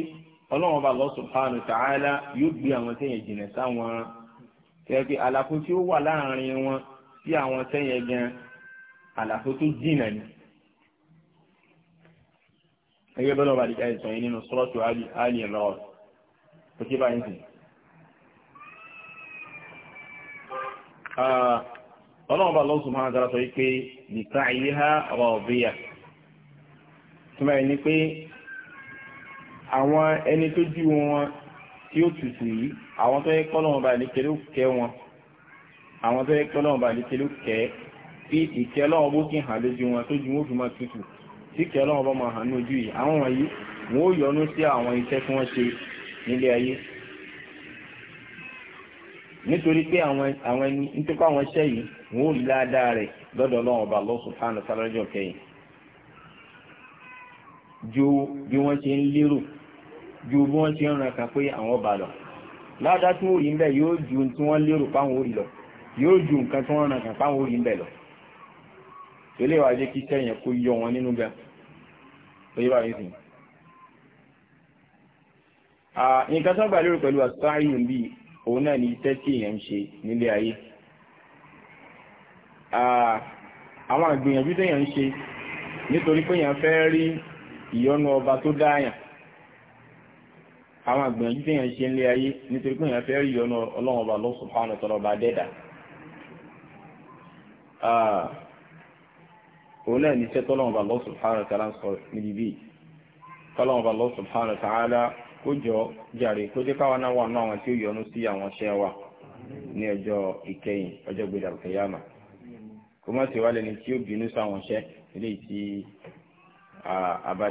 ọlọ́wọ́n bá lọ subhanahu wa ta'ala yóò gbé àwọn sẹ́yìn jìnà sáwọn tẹ́lẹ̀ àlàfo tí ó wà láàrin wọn sí àwọn sẹ́yìn gan àlàfo tó jìnà ni gẹ́gẹ́ bọ́lọ̀ bá dìkà ìsàn yìí nínú sọ́ọ̀tù àlì ìrọ̀rùn kò tí báyìí sí. ọlọ́run bá lọ́sùn máa dára sọ wípé nìkan ayé ha rọ̀bíyà túmọ̀ ẹni pé àwọn ẹni tó jú wọn tí ó tutù yìí àwọn tó yẹ kọ́lọ́run bá dìkà ló kẹ́ wọn àwọn tó yẹ kọ́lọ́run bá dìkà ló kẹ́ tí ìkẹ́ ọlọ́run bó kí hàn lójú wọn tó ju wọn fi máa tutù tí kí ọlọ́run bá máa hàn ní ojú yìí àwọn wọ̀nyí wọ́n ó yọnu sí àwọn iṣẹ́ tí wọ́n ṣe nílé ayé nítorí pé àwọn ẹni nítorí àwọn iṣẹ́ yìí wọ́n ó rí ládàá rẹ̀ lọ́dọ̀ ọlọ́run ọba Allah subhanahu ta'ala kẹyìn ju bí wọ́n ṣe ń lérò ju bí wọ́n ṣe ń ran pé àwọn ọba lọ ládàá wọ́n rí ń bẹ̀ yóò ju tí wọ́n lérò fáwọn lọ yóò tẹ́lẹ̀ wà jẹ́ kí sẹ́yìn kó yọ wọn nínú gan lóyè bá yìí sìn. nǹkan tó gbà lérò pẹ̀lú àtúntàyò ń bì òun náà ní iṣẹ́ tí èèyàn ń ṣe nílé ayé. àwọn àgbìyànjú téèyàn ń ṣe nítorí pé èèyàn fẹ́ rí ìyọ́nú ọba tó dáàyàn àwọn àgbìyànjú téèyàn ń ṣe nílé ayé nítorí pé èèyàn fẹ́ rí ìyọ́nú ọlọ́run ọba subhanahu wa ta'ala ọba dẹ́dà òun náà بالله سبحانه tọ́lọ́wọ́n bá Allah بالله سبحانه ta'ala ń sọ níbi bíi tọ́lọ́wọ́n bá Allah subhanahu wa ta'ala kó jọ jàre kó jẹ́ káwa náà wà náà àwọn tí ó yọnu sí àwọn iṣẹ́ wa ní ọjọ́ ìkẹyìn ọjọ́ gbèdà kẹyàmà kó má sì wá lẹni tí ó bínú sáwọn iṣẹ́ eléyìí tí a bá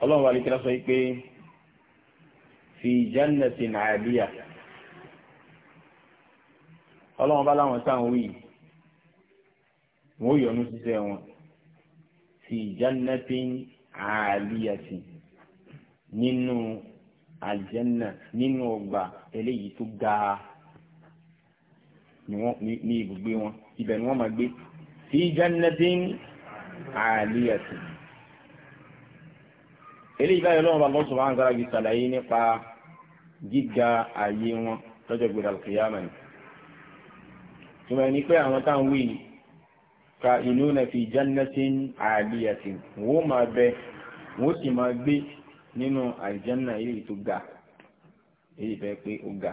ọlọ́run wa alikira sọ pé fi jannatin 'aliyah ọlọ́run bá láwọn sáà ń wí yìí wọn ó yọ́nú síṣẹ́ wọn fi jannatin àlìyàtì nínú àlìjẹ́nà nínú ọgbà eléyìí tó ga ní ibùgbé wọn ibẹ̀ ni wọ́n máa gbé fi jannatin àlìyàtì eléyìí báyìí lọ́wọ́ bá lọ́sọ̀rọ̀ àwọn sára fi ṣàlàyé nípa gíga ààyè wọn lọ́jọ́ gbèrè àlùkìyàmà ni. tùmọ̀ ẹni pé àwọn táwọn wí yìí na fi jannatin aliyatin wọ́n máa bẹ wọ́n sì ma gbe ninu àlìjánà yìí to ga èyí bẹ́ẹ̀ pe o ga.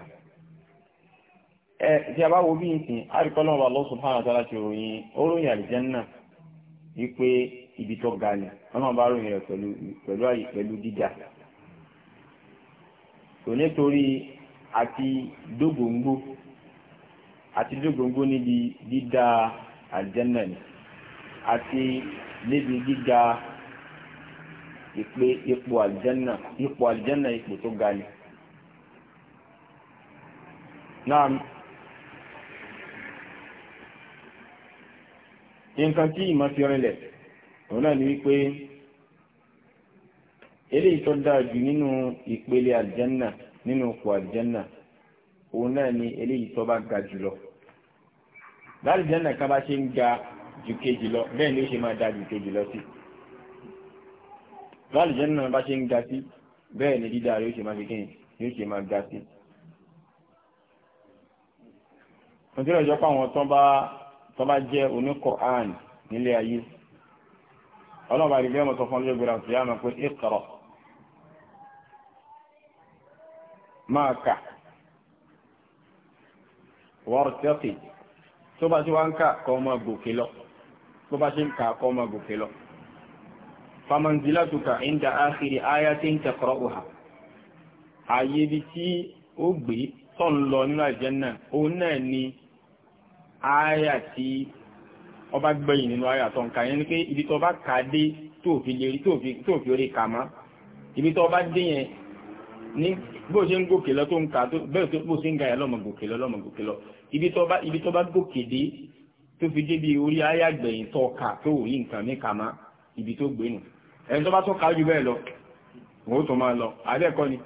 ẹ ti a bá wo bí nǹkan àríkọ́lọ́ wa Allah subhanahu wa ti ròyìn ó ròyìn àlìjánà wípé ibi tó ga ni ọlọ́run bá ròyìn rẹ̀ pẹ̀lú pẹ̀lú àyè pẹ̀lú gíga. tò nítorí àti dógóńgó dógóńgó níbi àlìjẹ́nà ni àti níbi gíga ìpè ipò àlìjẹ́nà ipò àlìjẹ́nà ipò tó ga ni. náà nǹkan tí ìmọ̀ fi rinlẹ̀ òun náà ni wípé eléyìí tó dáa jù nínú ìpele àlìjẹ́nà nínú ipò àlìjẹ́nà òun náà ni eléyìí tó bá ga jùlọ báyìí jẹ́ nǹkan bá ṣe ń ga ju kejì lọ bẹ́ẹ̀ ni ó ṣe máa da ju kejì lọ sí báyìí jẹ́ nǹkan bá ṣe ń ga sí bẹ́ẹ̀ ni dídá rẹ̀ ó ṣe máa fi kéyìn ni ó ṣe máa ga sí. mo ti rẹ̀ jọ́ pé tó bá tó bá jẹ́ nílé ayé ọlọ́run bá rí bí ọmọ sọ fún ọlọ́jọ́ gbéra ọ̀sẹ̀ yá máa pé iqra máa kà wartaqi tó bá ṣe wá ń kà kọ́ ọmọ gòkè lọ tó bá ṣe ń kà kọ́ ọmọ gòkè lọ. famanzilatuka inda akhiri ayatin taqra'uha ààyè ibi tí ó gbé tọ́ ń lọ nínú àlùjánnà òun náà ni àyà tí ọba gbẹ̀yìn nínú àyà tó ń kà yẹn ni pé ibi tó bá kà dé tó fi lè rí tó fi orí kà mọ́ ibi tó bá dé yẹn ní bó ṣe ń gòkè lọ tó ń kà bẹ́ẹ̀ tó bó ṣe ń ga yẹn lọ́mọ gòkè lọ lọ́mọ gòkè lọ ibi tó bá ibi tó bá gòkè dé tó fi débi orí ayàgbẹ̀yìn tó kà tó rí nǹkan mí kàmá ibi tó gbé nù ẹni tó bá tún kájú bẹ́ẹ̀ lọ wọ́n tó máa lọ àbẹ́ẹ̀kọ́ ni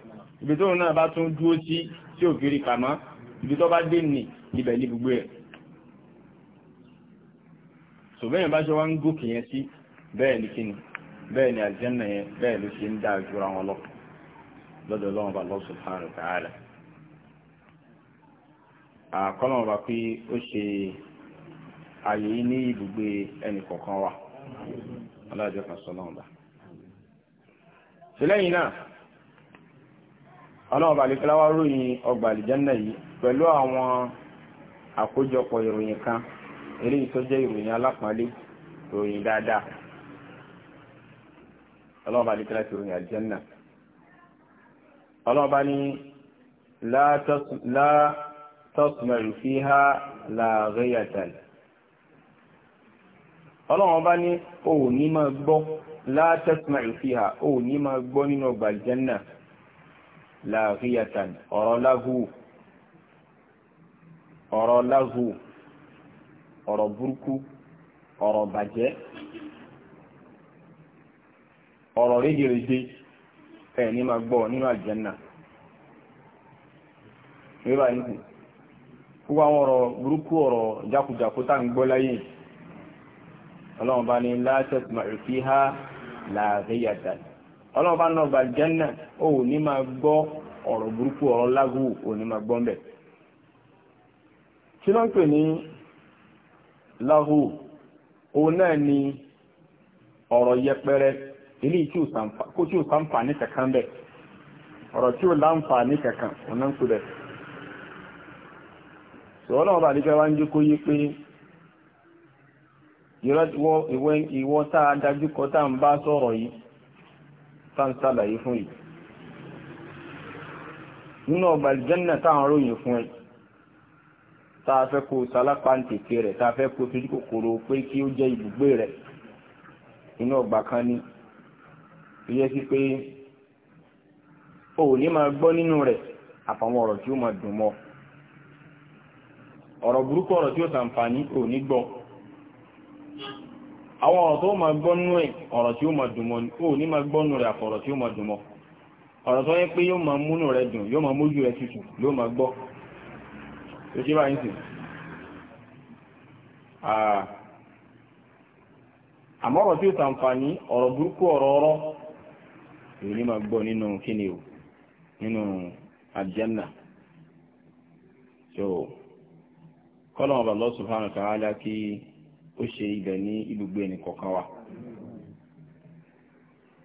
ibi tó náà bá tún dúró sí tí ò fi rí kàmá ibi tó bá dé nì ibẹ̀ ní gbogbo ẹ̀ sòbẹ́yìn bá ṣe wá ń gòkè yẹn sí bẹ́ẹ̀ ni kíni bẹ́ẹ̀ ni àlùjánnà yẹn bẹ́ẹ̀ ló ṣe ń dáa jura wọn lọ lọ́dọ̀ lọ́wọ́ bá Allah subhanahu wa ta'ala àkọ́lọ̀ ọba pé ó ṣe ààyè ní ibùgbé ẹnì kọ̀ọ̀kan wa aláàjọ kan sọ náà ọba. sílẹ̀yìn náà ọlọ́ọ̀bà àlekẹ́lá wá ròyìn ọgbà àlìjẹ́nà yìí pẹ̀lú àwọn àkójọpọ̀ ìròyìn kan eléyìí tó jẹ́ ìròyìn alápọ̀nlé ìròyìn dáadáa ọlọ́ọ̀bà àlekẹ́lá ti ròyìn àlìjẹ́nà ọlọ́ọ̀bà ní láà tọ́tùmẹ̀rù فيها لا làárẹ̀yàtàn ọlọ́run bá ní o ò ní máa gbọ́ látọ́tùmẹ̀rù fi há o ò ní máa gbọ́ nínú ọgbà jẹ́nà làárẹ̀yàtàn ọ̀rọ̀ láhù ọ̀rọ̀ burúkú ọ̀rọ̀ bàjẹ́ ọ̀rọ̀ rédíòdé ẹ̀ ní máa gbọ́ nínú àjẹ́nà. Wíwá yìí gbogbo ọ̀rọ̀ burúkú ọ̀rọ̀ jákujàku tá ń gbọ́ láyé ọlọ́run bá ní ha làáríyàtà ọlọ́run bá ń nọgbà jẹ́nà ó ní máa gbọ́ ọ̀rọ̀ burúkú ọ̀rọ̀ lágù ó ní máa gbọ́ ń bẹ̀. kí ló ń ni ọ̀rọ̀ yẹpẹrẹ tí ò kankan bẹ̀ ọ̀rọ̀ tí ò kankan òun náà ń sọ̀rọ̀ náà bá nípa wájú kó yí pé ìwọ tá a dájú kọ tá ń bá sọ̀rọ̀ yìí tá ń sàlàyé fún yìí nínú ọgbà ìjẹ́nà tá ń ròyìn fún ẹ tá a fẹ́ kó sálápá ń tètè rẹ̀ tá fẹ́ kó sojú kòkòrò pé kí ó jẹ́ ibùgbé rẹ̀ inú ọgbà kan ní yẹ sí pé o ò ní máa gbọ́ nínú rẹ̀ àfàwọn ọ̀rọ̀ tí ó máa dùn mọ́ ọ ọ̀rọ̀ burúkú ọ̀rọ̀ tí ó sàǹfàní ò ní gbọ́ àwọn ọ̀rọ̀ tó ma gbọ́ nú ẹ̀ ọ̀rọ̀ tí ó ma dùnmọ́ ò ní ma gbọ́ nú rẹ̀ àfọ̀rọ̀ tí ó ma dùnmọ́ ọ̀rọ̀ tó yẹ pé yóò ma múnú rẹ̀ dùn yóò ma mójú rẹ̀ tutù ló ma gbọ́ tó ṣe báyìí sì àmọ́ ọ̀rọ̀ tí ó sàǹfàní ọ̀rọ̀ burúkú ọ̀rọ̀ ọ̀rọ̀ ò ní ma gbọ́ nínú kíni o nínú àjẹ́nà so kọ́lọ́n ọba Allah subhanahu wa ta'ala kí ó ṣe ibẹ̀ ní ibùgbé ẹnì kọ̀ọ̀kan wa.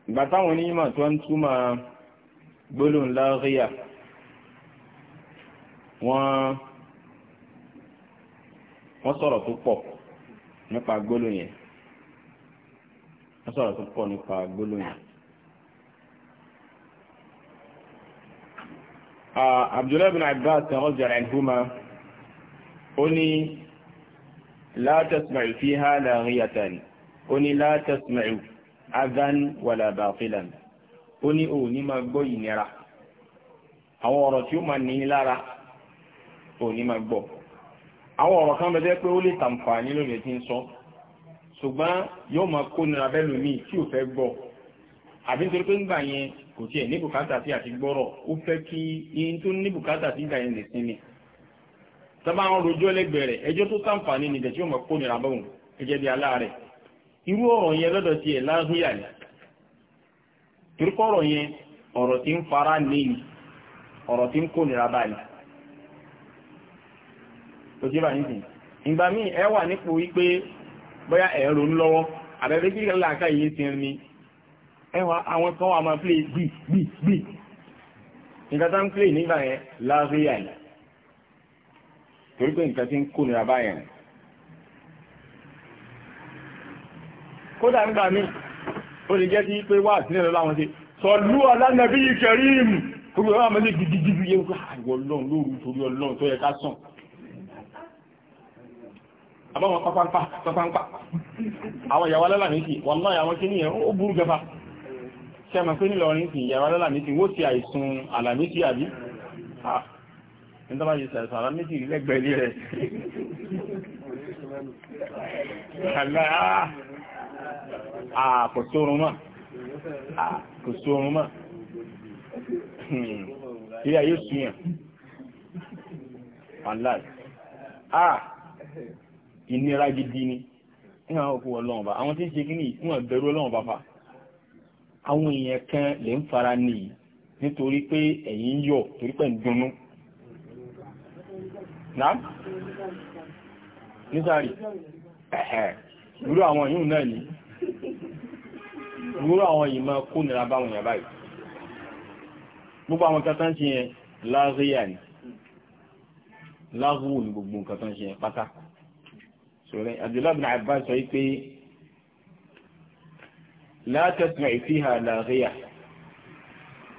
ìgbà táwọn onímọ̀ tó ń túmọ̀ gbólóhùn láríyà wọ́n wọ́n sọ̀rọ̀ tó pọ̀ nípa gbólóhùn yẹn wọ́n sọ̀rọ̀ tó pọ̀ nípa gbólóhùn yẹn. Ah, Abdullahi bin Abbas radiyallahu anhuma ó ní látàsmàì fi ha láàrin yàtàrí ó ní látàsmàì adán wàlà bàfilàn ó ní ò ní máa gbọ́ ìnira àwọn ọ̀rọ̀ tí ó máa ní lára ò ní máa gbọ́ àwọn ọ̀rọ̀ kan bẹ́ẹ̀ pé ó lè tàǹfààní lónìí tí ń sọ ṣùgbọ́n yóò máa kó nira bẹ́lú mi tí ò fẹ́ gbọ́ àbí nítorí pé ńgbà yẹn kò tiẹ̀ ní bùkátà sí àti gbọ́rọ̀ ó fẹ́ kí ihun tó ní bùkátà sí ìgbà yẹn lè sinmi sábà ń rojọ́ lẹ́gbẹ̀ẹ́ rẹ̀ ẹjọ́ tó sàǹfààní ni ìdẹ̀tí ọmọ kó nira bọ́hùn ẹjẹ́ bí aláàrẹ̀ irú ọ̀rọ̀ yẹn lọ́dọ̀ tiẹ̀ láhúyà ni torípọ̀rọ̀ yẹn ọ̀rọ̀ tí ń fara léyìn ọ̀rọ̀ tí ń kó nira báyìí tó jẹ́ báyìí sìn ìgbà míì ẹ wà nípò wípé bóyá ẹ̀ ronú lọ́wọ́ àbẹ̀bẹ̀ kí làákà yìí ti rin ni ẹwà àwọn kan wà máa play bí bí bí nǹkan tá ń play nígbà yẹn láhúyà yìí torí pé nǹkan tí ń kó nira báyẹn kódà nígbà míì ó lè jẹ́ sí pé wà sílẹ̀ lọ́la wọn ṣe sọ̀lú alánàbí kẹrìm kúrò ẹwà mẹ́lẹ̀ gidigidi yẹ wípé àwọ̀ ah, ọlọ́run lóru torí ọlọ́run tó yẹ ká sàn àbáwọn pápánpá pápánpá àwọn ìyàwó alálàmí sí wọn náà àwọn kí nìyẹn ó burú gẹfà ṣe mọ̀ pé nílọrin sí ìyàwó alálàmí sí wó ti àìsùn alàmí sí àbí ah nígbàmà yìí sàrẹ̀ sàrẹ̀ méjì lẹ́gbẹ̀ẹ́ ilé rẹ̀ kò sórun mọ́ kò sórun mọ́ hmm, ilé ayé súnyàn aláì ah ìnira gidi ni ní àwọn òkú ọlọ́run bá àwọn tí ń ṣe kí ní ìwọ̀n bẹ̀rù ọlọ́run bá fa àwọn èèyàn kan lè ń fara nìyí nítorí pé ẹ̀yin yọ̀ torí ń dunnú náà nísàrí ẹ̀hẹ̀ irú àwọn yìí náà ní irú àwọn yìí máa kó nira báwọn èèyàn báyìí gbogbo àwọn kẹta ń ṣe yẹn láàríyà ni láàrúwò ní gbogbo nǹkan tó ń ṣe yẹn pátá sọ̀rọ̀ Abdullahi bin Abbas sọ pé la tasma'u fiha láàríyà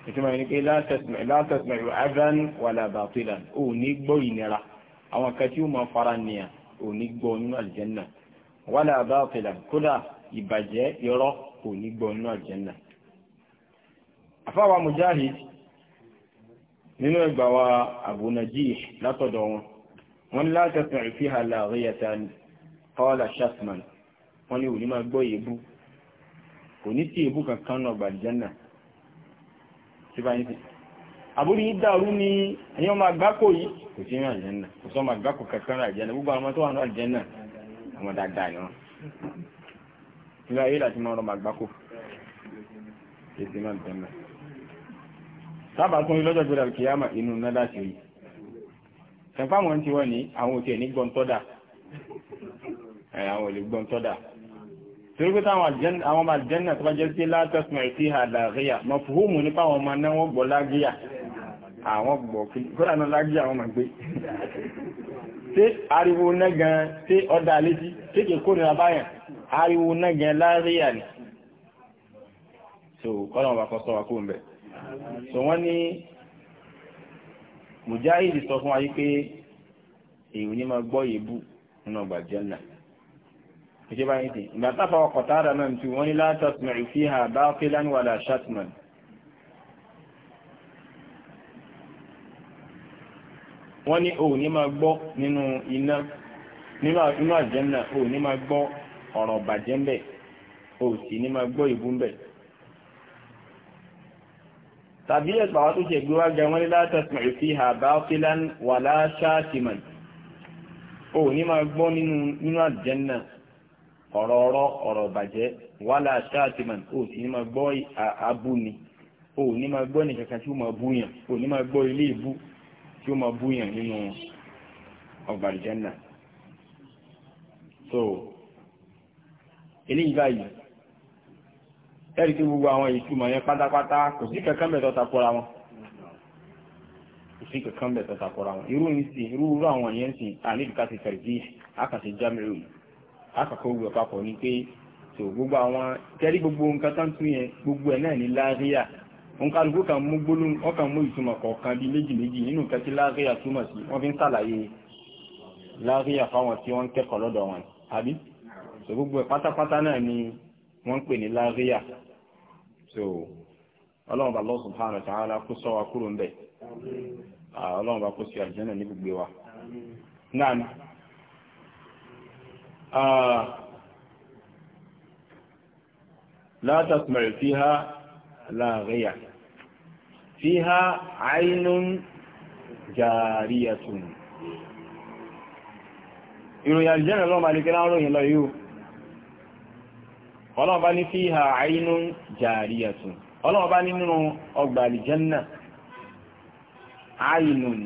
ìtumọ̀ ní pé la tasma'u adhan wala batilan ò ní gbọ́ ìnira àwọn kan tí ó máa fara nìyà ò ní gbọ́ nínú àlìjẹ́nà wàlá bátìlà kódà ìbàjẹ́ irọ́ kò ní gbọ́ nínú àlìjẹ́nà afáwa mujahid nínú ẹgbà wa Abu Najih látọ̀dọ̀ wọn wọn la tasma'u fiha laghiyatan qala shasman wọn ni òní máa gbọ́ èébú kò ní sí èébú kankan náà gbàlìjẹ́nà àbúrí dàrú ni èyàn máa gbákò yìí kò sí ìrìn àjẹ́nà kò sọ máa gbákò kankan rà àjẹ́nà gbogbo àwọn tó wà ní àjẹ́nà àwọn dáadáa ni wọn nígbà ayé láti máa rọ máa gbákò ètò máa bẹ̀rẹ̀ mẹ́ sábà tún rí lọ́jọ́ gbọ́dọ̀ kìyàmà inú nádà sí rí sẹ́fà wọn ti wọ́n ní àwọn òtí ẹ̀ ní gbọ́n tọ́dà àwọn olè gbọ́n torí pé táwọn àwọn àjẹ́nà tó bá jẹ́ sí látọ̀sùn ẹ̀ sí àdàríyà mọ̀fúhùmù nípa àwọn ọmọ náà wọ́n gbọ́ lágíyà àwọn gbọ̀ kí kódà náà lágbé àwọn máa gbé tí ariwo nẹ́gan tí ọdá létí tí kè kó nira báyàn ariwo nẹ́gan láríyà ni so kọ́nà ọba kan sọ wa kó ń bẹ̀ so wọ́n ní mujahid sọ fún wa yí pé èyí ní máa gbọ́ yébù nínú ọgbà jẹ́nà ìṣe báyìí sí ìgbà táfà ọkọ̀ tààrà náà tí wọ́n ní látàtúmọ̀ ìfihà bá kílán shatman wọ́n ní o ní máa gbọ́ nínú iná nínú àjẹ́nà o ní máa gbọ́ ọ̀rọ̀ bàjẹ́ ńbẹ̀ o sì ní máa gbọ́ ìbú ńbẹ̀. tàbí ẹ̀pà wa tó ṣe gbé wá gan wọ́n ní la tasma'u fiha batilan wala shatiman o ní máa gbọ́ nínú àjẹ́nà ọ̀rọ̀ ọ̀rọ̀ ọ̀rọ̀ bàjẹ́ wala shatiman o sì ní máa gbọ́ abúni o ní máa gbọ́ nìkankan tí ó máa búyàn o ní máa gbọ́ ilé ìbú tí ó máa búyàn nínú ọgbà àlìjẹ́nà so eléyìí báyìí ẹ̀rí tí gbogbo àwọn ìtumọ̀ yẹn pátápátá kò sí kankan bẹ̀ tọ́ta kọ́ra wọn kò sí kankan bẹ̀ tọ́ta kọ́ra wọn irú ní sí irú irú àwọn yẹn sì àníbìkà ti fẹ̀rẹ̀ bí àkàṣe jámẹ́rù àkàkọ́ gbogbo papọ̀ ni pé so gbogbo àwọn tẹ́rí gbogbo nǹkan tán tún yẹn gbogbo ẹ̀ náà ní láríyà nǹkan kan mú gbólóhùn ọkàn mú ìtumọ̀ kọ̀ọ̀kan bí méjì méjì nínú nǹkan tí láàríyà túmọ̀ sí wọ́n fi ń sàlàyé láàríyà fáwọn tí wọ́n ń kẹ́kọ̀ọ́ lọ́dọ̀ wọn àbí so gbogbo ẹ̀ pátápátá náà ni wọ́n ń pè ní láàríyà so ọlọ́run bá Allah subhanahu wa ta'ala kó sọ wa kúrò ń bẹ̀ ọlọ́run bá kó sí àlùjànnà ní gbogbo wa náà ni la tasma'u fiha láàríyà fíhá àínún jàríyàtùn ìròyìn àjẹ́rẹ̀ lọ́wọ́ malikẹ́ láàrùn lọ yíò ọlọ́wọ́ bá ní fíhá àínún jàríyàtùn ọlọ́wọ́ bá nínú ọgbà àlìjẹ́nà àínún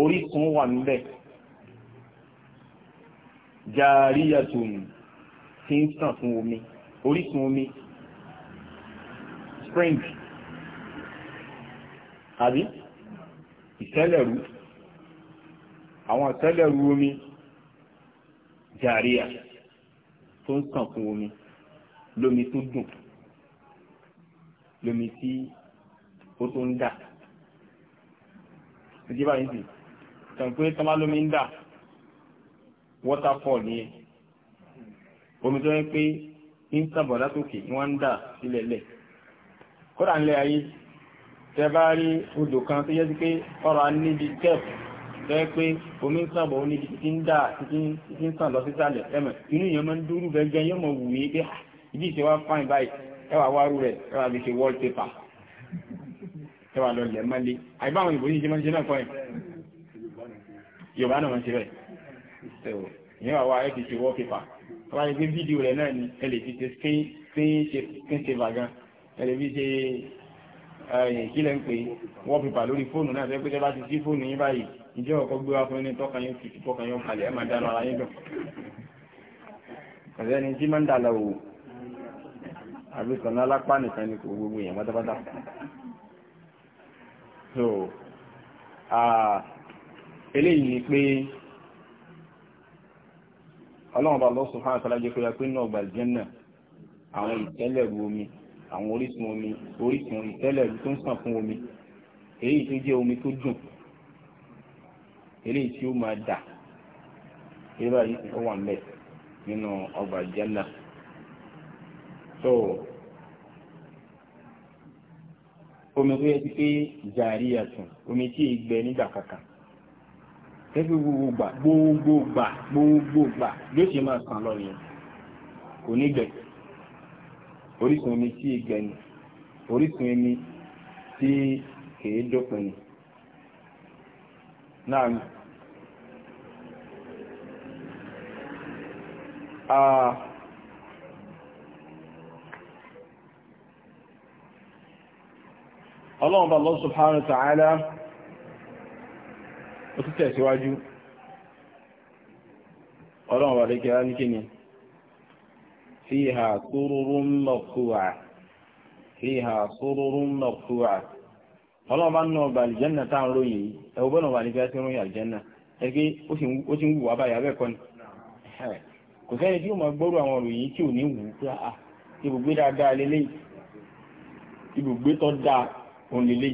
orísun wà níbẹ̀ jàríyàtùn tí ń sàn fún omi orísun omi spring àbí ìtẹ́lẹ̀rú àwọn ìtẹ́lẹ̀rú omi jàríà tó ń sàn fún omi lómi tó dùn lómi tí ó tó ń dà ìjìbá yìí sì tàn pé tọ́má lómi ń dà waterfall ni omi tó yẹ pé ń sàbọ̀ látòkè wọ́n ń dà sílẹ̀ lẹ́ẹ̀ kódà ńlẹ̀ ayé tẹ bá rí odò kan tó yẹ́ sí pé ọrọ̀ a níbi tẹ́p tẹ́ pé omi ń sàbọ̀ ó níbi títí ń dà títí ń sàn lọ sísàlẹ̀ ẹ̀mọ̀ inú yẹn máa ń dúró gẹ́gẹ́ yẹn mọ̀ wù yí pé ah, ibi ìṣe wa fáìn báyìí ẹwà wárú rẹ̀ ẹwà fi ṣe wallpaper ẹwà lọ lẹ̀ mọ́lé àìbáwọn ìbò yìí ṣe máa ń ṣe náà kọ́ ẹ̀ yorùbá náà máa ń ṣe bẹ́ẹ̀ ìyẹn wà wá fi ṣe wallpaper wáyé pé fídíò rẹ̀ náà ni ẹ lè fi ṣe screen saver gan ẹlẹ́bí ṣe ìkílẹ̀ ń pè wọ́n pípa lórí fóònù náà fẹ́ pé tẹ́ bá ti sí fóònù yín báyìí ìjẹ́ ọkọ̀ gbé wá fún ẹni tọ́kàn yín tutù tọ́kàn yín kalẹ̀ ẹ̀ máa dáná ara yín dùn kọ̀sẹ́ ni tí máa ń dà lọ wò àbí sọ̀nà alápá nìkan ni kò gbogbo èèyàn pátápátá so eléyìí ni pé ọlọ́run bá lọ́sùn fún àtàlájẹ́ kó yá pé náà gbàlùjẹ́ náà àwọn ìtẹ́lẹ̀ omi àwọn orísun omi orísun ìtẹ́lẹ̀ tó ń sàn fún omi èyí tó jẹ́ omi tó dùn eléyìí tí ó máa dà nígbà yìí ó wà mẹ́ nínú ọgbà Jánnà so omi tó yẹ ti pé jàrí àtún omi tí ì gbẹ nígbà kankan ẹbí gbogbo gbà gbogbo gbà gbogbo gbà yóò ṣe máa sàn lọ nìyẹn kò ní gbẹ. orísun omi tí ìgbẹ́ ni orísun omi tí kìí dópin ni. náà ni ọlọ́run bá Allah subhanahu wa ó tún tẹ̀síwájú ọlọ́run wà lè kí á ní kí ni. فيها سرر مرفوعة فيها سرر مرفوعة ọlọ́run bá nínú ọgbà àlìjẹ́nà tá à ń ròyìn yìí ẹ̀wọ̀n bọ́nà ọgbà àlìjẹ́ tí ń ròyìn àlìjẹ́nà ẹgbẹ́ ó ti ń wù wá báyìí abẹ́ẹ̀kọ́ ni kò sẹ́ni tí ó máa gbọ́rọ̀ àwọn ròyìn tí ò ní wù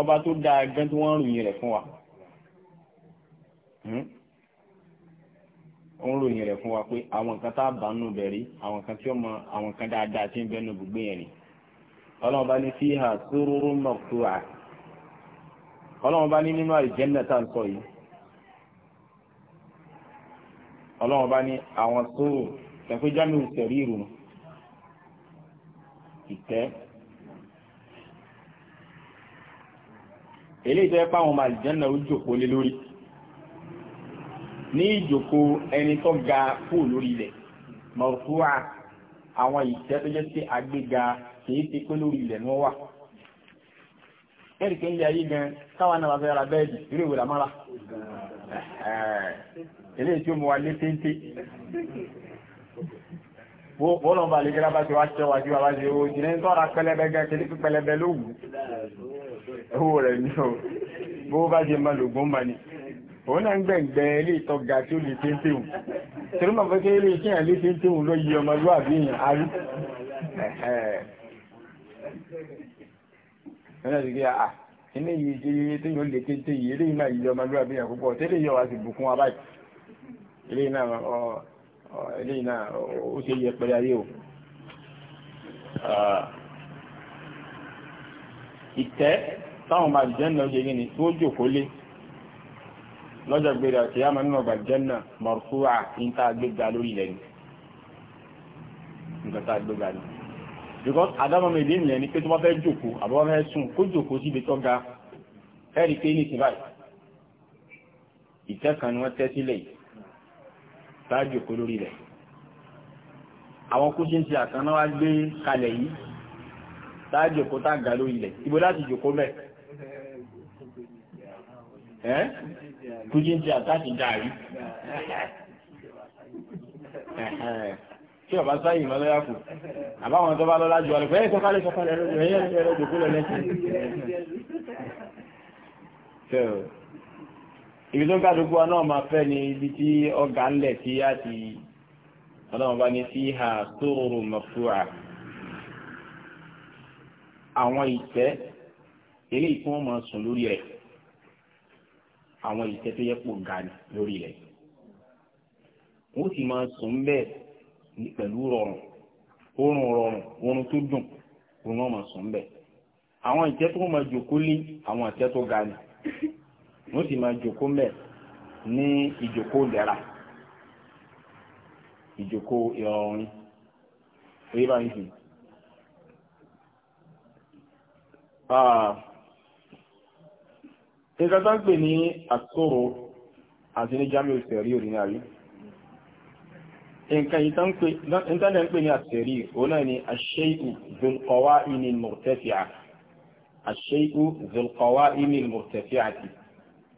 ọba tó dáa gan wọ́n ń rẹ̀ fún wa ń ròyìn rẹ̀ fún wa pé àwọn nǹkan tá a bá nù bẹ̀ rí àwọn nǹkan tí ó mọ àwọn nǹkan dáadáa tí ń bẹ́ nù gbogbo yẹn rí ọlọ́run bá ní fiha sururun maqtu'a ọlọ́run bá ní nínú àlùjánnà tá à sọ yìí ọlọ́run bá ní àwọn sóró tẹ̀fẹ́ jámi ìtẹ̀rí ìrùn ìtẹ́ eléyìí tó pé àwọn ọmọ àlùjánnà ó jòkó lé lórí ní ìjòkó ẹni tó ga kú lórí ilẹ̀ mọ̀fúà àwọn ìtẹ́ tó jẹ́ sí agbéga kìí ti pé lórí ilẹ̀ wọn wà. ẹ̀rì kẹ́lẹ́ ayé gan káwa náà fẹ́ ra bẹ́ẹ̀dì eré ìwé làmọ́ra eléyìí tí ó mú wa lé téńté wọ́n lọ́nà balẹ̀ gẹ́gẹ́ bá ti wá ṣẹ́wà sí wàbá ṣe owó jìnnà tó ra pẹlẹbẹ gan kìí fi pẹlẹbẹ lówù owó rẹ̀ ní o bó bá ṣe máa lògùn mọ́ ni òun náà ń gbẹ̀gbẹ̀ ilé ìtọ́ ga tí ó lè téńté hùn tí ó mọ̀ pé ilé iṣẹ́ yẹn lè téńté hùn ló yí ọmọlúwàbí yẹn arí ẹ̀hẹ́ ẹ̀hẹ́ ilé yìí ṣe iye tí yóò lè téńté yìí ilé yìí máa yí ọmọlúwàbí yẹn púpọ̀ tẹ́lẹ̀ yọ wá sí bùkún wa báyìí ilé náà ilé náà ó o ìtẹ́ lọ́jọ́ gbére àti yàmà nínú ọgbà jẹ́nà mọ̀rùfúà níta gbéga lórí ilẹ̀ ni nǹkan tá a gbéga ni because àdámọ́mọ èdè nìyẹn ni pé tó bá fẹ́ jòkó àbọ̀ bá fẹ́ sùn kó jòkó síbi tó ga ẹ̀rí pé ní ìsìnbáyì ìtẹ́kan ni wọ́n tẹ́ sílẹ̀ yìí tá a jòkó lórí ilẹ̀ àwọn kó ṣe ń ṣe wá gbé kalẹ̀ yìí tá a jòkó tá a ga lórí ilẹ̀ ibo láti jòkó mẹ́ ẹ́ kújí ń jẹ àtàkì dàrí tí ọba sáyìn mọ́ lọ́yà kù àbáwọn tó bá lọ́lá jù ọ̀rẹ́ pẹ́yẹ́ sọ́kálẹ̀ sọ́kálẹ̀ ẹ̀rọ ẹ̀rọ ògbókú lọ lẹ́sìn ibi tó ń kádùkú wa náà máa fẹ́ ni ibi tí ọgà ń lẹ̀ sí àti ọlọ́run bá ní sí ha sóróró mọ̀fúra àwọn ìtẹ́ eléyìí tí wọ́n máa sùn lórí rẹ̀ àwọn ìṣẹ́ tó yẹ pò ga ni lórí rẹ̀ wọ́n sì máa sùn bẹ́ẹ̀ pẹ̀lú rọrùn oorun rọrùn oorun tó dùn òun náà máa sùn bẹ́ẹ̀ àwọn ìṣẹ́ tó máa jòkó lé àwọn ìṣẹ́ tó ga ni wọ́n sì máa jòkó mbẹ̀ ní ìjòkó ìdẹ̀ra ìjòkó ìrọ̀rùn orí bá nǹkan tó ń pè ní àtòrò àti ní jamiu sẹ̀rí òní àrí nǹkan yìí tó ń pè ní àtẹ̀rí òun náà ni àṣẹ́ìkù zulkọwá ìní mọ̀tẹ́fìà àṣẹ́ìkù zulkọwá ìní mọ̀tẹ́fìà ti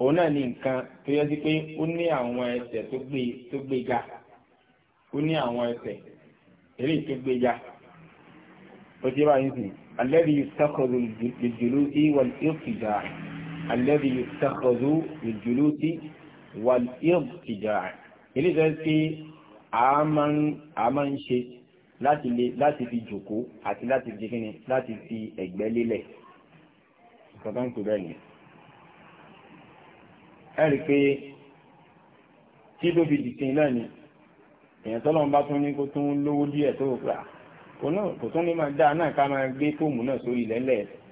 òun náà ni nǹkan tó yẹ sí pé ó ní àwọn ẹsẹ̀ tó gbé ó ní àwọn ẹsẹ̀ eré tó gbé ó ti bá yín sìn alẹ́ bí ìjìlú ìwọ̀n ìfìdá alẹ́bí ìtàkọ̀dù ìjùlù ti wà ìrìtìjà eléyìí tó ń pè a máa ń ṣe láti fi jòkó àti láti fi kíni láti fi ẹ̀gbẹ́ lélẹ̀ kọ̀tán kò bẹ́ẹ̀ ni ẹ̀rí pé tí ló fi dìtìn náà ni èèyàn tọ́lọ́ bá tún ní kó tún lówó díẹ̀ tó rà kò tún ní máa dáa náà ká máa gbé fóòmù náà sórí lẹ́lẹ́ẹ̀ẹ́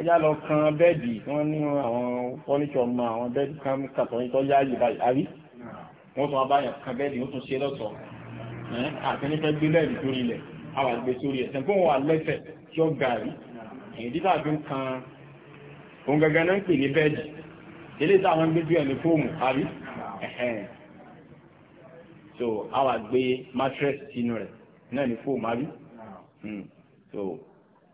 ẹjá lọ kan bẹ́ẹ̀dì wọ́n ní àwọn fọ́níṣọ̀ ọmọ àwọn bẹ́ẹ̀dì kan kàtọ́ yìí tó yáàyè báyìí àrí wọ́n tún abáyàn kan bẹ́ẹ̀dì ó tún ṣe lọ́tọ̀ àti nífẹ̀ẹ́ gbé lẹ́ẹ̀dì sórí ilẹ̀ àwọn àgbẹ̀ sórí ẹ̀ sẹ́ńpọ̀ wà lẹ́fẹ̀ tí ó gàrí èyí títà fi ń kan òun gangan náà ń pè ní bẹ́ẹ̀dì eléyìí táwọn gbé bíọ̀ ní fóòmù àrí so àwọn àgbẹ̀ mattress sínú rẹ̀ náà ní fóòmù àrí hmm. so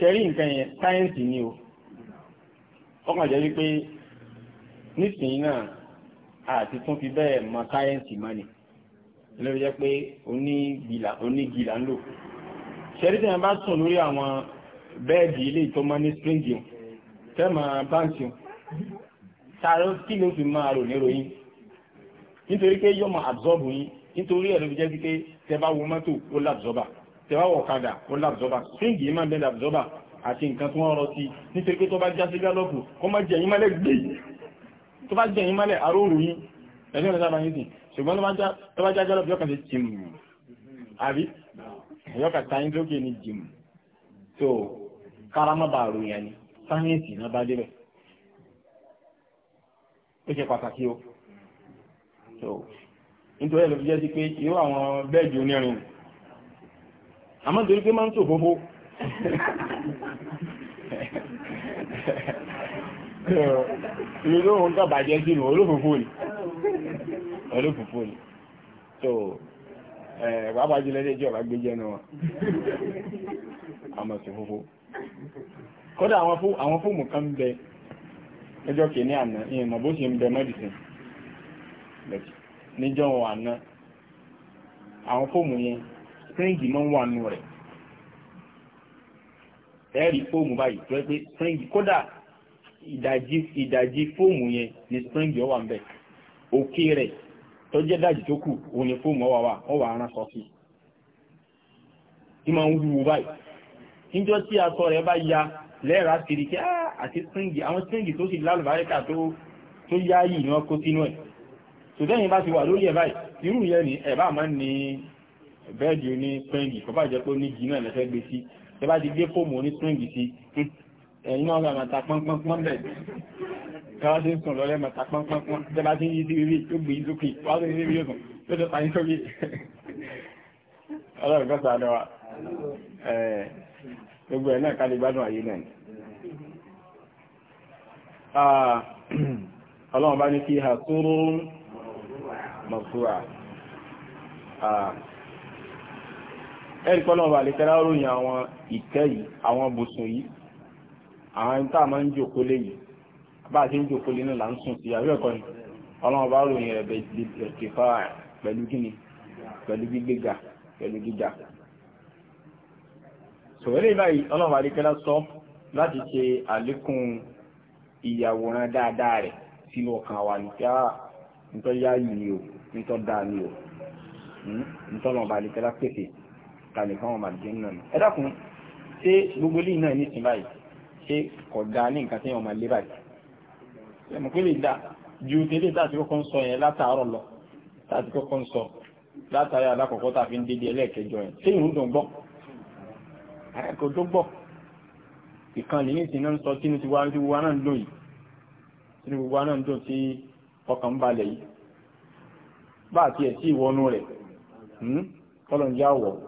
ṣẹ̀rí nǹkan yẹn sáyẹ́ǹsì ni o ọkàn jẹ́ wípé nísìnyí náà àti tún fi bẹ́ẹ̀ mọ sáyẹ́ǹsì mọ́ni lórí jẹ́ pé onígìlà onígìlà ń lò ṣẹ̀rí tí wọ́n bá sùn lórí àwọn bẹ́ẹ̀dì ilé ìtọ́mọ́ ní springi tẹ́mọ̀ báńkì sáré kí ló fi máa rò níròyìn nítorí pé yọmọ absorb yín nítorí ẹ̀ ló fi jẹ́ pé tẹ́ bá wo mọ́tò ó lábsọ́bà tẹwàwọ̀ ọ̀kadà ó lábzọ́bà síngì ìmá bẹ́ẹ̀ lábzọ́bà àti nǹkan tí wọ́n rọ sí nítorí pé tó bá já sí gálọ́pù kó má jẹ̀yìn mọ́lẹ̀ gbé tó bá jẹ̀yìn mọ́lẹ̀ aróòrò yín ẹ̀sìn ọ̀dọ́ sábà yín sì ṣùgbọ́n tó bá já gálọ́pù yọ́kàn sí jìm àbí yọ́kàn táyín lókè ní jìm tó kárámà bá àrò yẹn ni sáyẹ́ǹsì náà bá débẹ̀ ó ṣe pàtàkì o nítorí ẹ̀ ló fi jẹ́ sí pé irú àwọn bẹ́ẹ̀dì onírin àmọ́ torí pé máa ń ṣòfófó ìlú tó ń jẹ́ sínú olófòfò ni olófòfò ni so pàápàá jùlọ ilé ìjọba gbé jẹ́ náà àmọ́ ṣòfófó kódà àwọn fóòmù kan bẹ ẹjọ́ kìíní àná ìyẹn bó ṣe ń bẹ medicine níjọ́ àná àwọn fóòmù yẹn spring mọ́ wà nù rẹ̀ ẹ̀rí fóòmù báyìí tó yẹ pé spring kódà ìdajì ìdajì fóòmù yẹn ni spring yọ wà ń bẹ̀ òkè rẹ̀ tó jẹ́ dájì tó kù òun ni fóòmù ọwà wà ọwà aràn sọ sí i máa ń wúwo báyìí níjọ́ tí aṣọ rẹ̀ bá ya lẹ́ẹ̀rọ àṣírí kí àti spring àwọn spring tó sì lálùbáríkà tó tó yáyì ni wọ́n kó sínú ẹ̀ tòtẹ́yìn bá ti wà lórí ẹ̀ báyìí irú yẹn ni ẹ̀ bá máa ń ní bẹ́ẹ̀dì oní springi kò bá jẹ́ pé onígi náà lẹ́fẹ́ gbé sí tẹ bá ti gbé fóòmù oní springi sí ẹ̀yìn náà lọ àmàta pọ́npọ́npọ́n bẹ̀ káwá tí ń sùn lọ́lẹ́ màta pọ́npọ́npọ́n tẹ bá ti ń yí sí rí tó gbé ìzókè wá sí rí yóò sùn tó tẹ pa ní sórí ọlọ́run kọ́ sàádọ́ wa gbogbo ẹ̀ náà ká lè gbádùn ayé náà ọlọ́run bá ní kí ha sóró mọ̀súwà ẹ̀rí pọ́lọ́ ọba àlekẹ́lá ròyìn àwọn ìtẹ́ yìí àwọn bùsùn yìí àwọn tá a máa ń jòkó lé yìí bá a ti ń jòkó lé náà là ń sùn sí àbí ẹ̀kọ́ ni ọlọ́run ọba ròyìn rẹ̀ bẹ̀ẹ̀kẹ̀fà pẹ̀lú kíni pẹ̀lú gbígbéga pẹ̀lú gíga sọ̀rọ̀ báyìí ọlọ́run ọba àlekẹ́lá sọ láti ṣe àlékún ìyàwòrán dáadáa rẹ̀ sínú ọkàn wa ní nítorí yá yìí o nítorí dáa ni o nítorí ọba àlekẹ́lá pèsè kalẹ̀ fáwọn màlìjẹ́ náà ni ẹ dákun ṣé gbogbo eléyìí náà nísìnyí báyìí ṣé kò dáa ní nǹkan tí wọn máa lé báyìí ẹ mọ̀ pé lè dáa ju tẹ́lẹ̀ tá a ti kọ́kọ́ ń sọ yẹn látàárọ̀ lọ tá a ti kọ́kọ́ ń sọ látàrí alákọ̀ọ́kọ́ tá a fi ń dédé ẹlẹ́ẹ̀kẹjọ yẹn ṣé ìrùn dùn gbọ́ akẹ́kọ̀ọ́ tó gbọ́ ìkànnì ní náà ń sọ tí ní ti wá ń dùn yìí tí ní gbogbo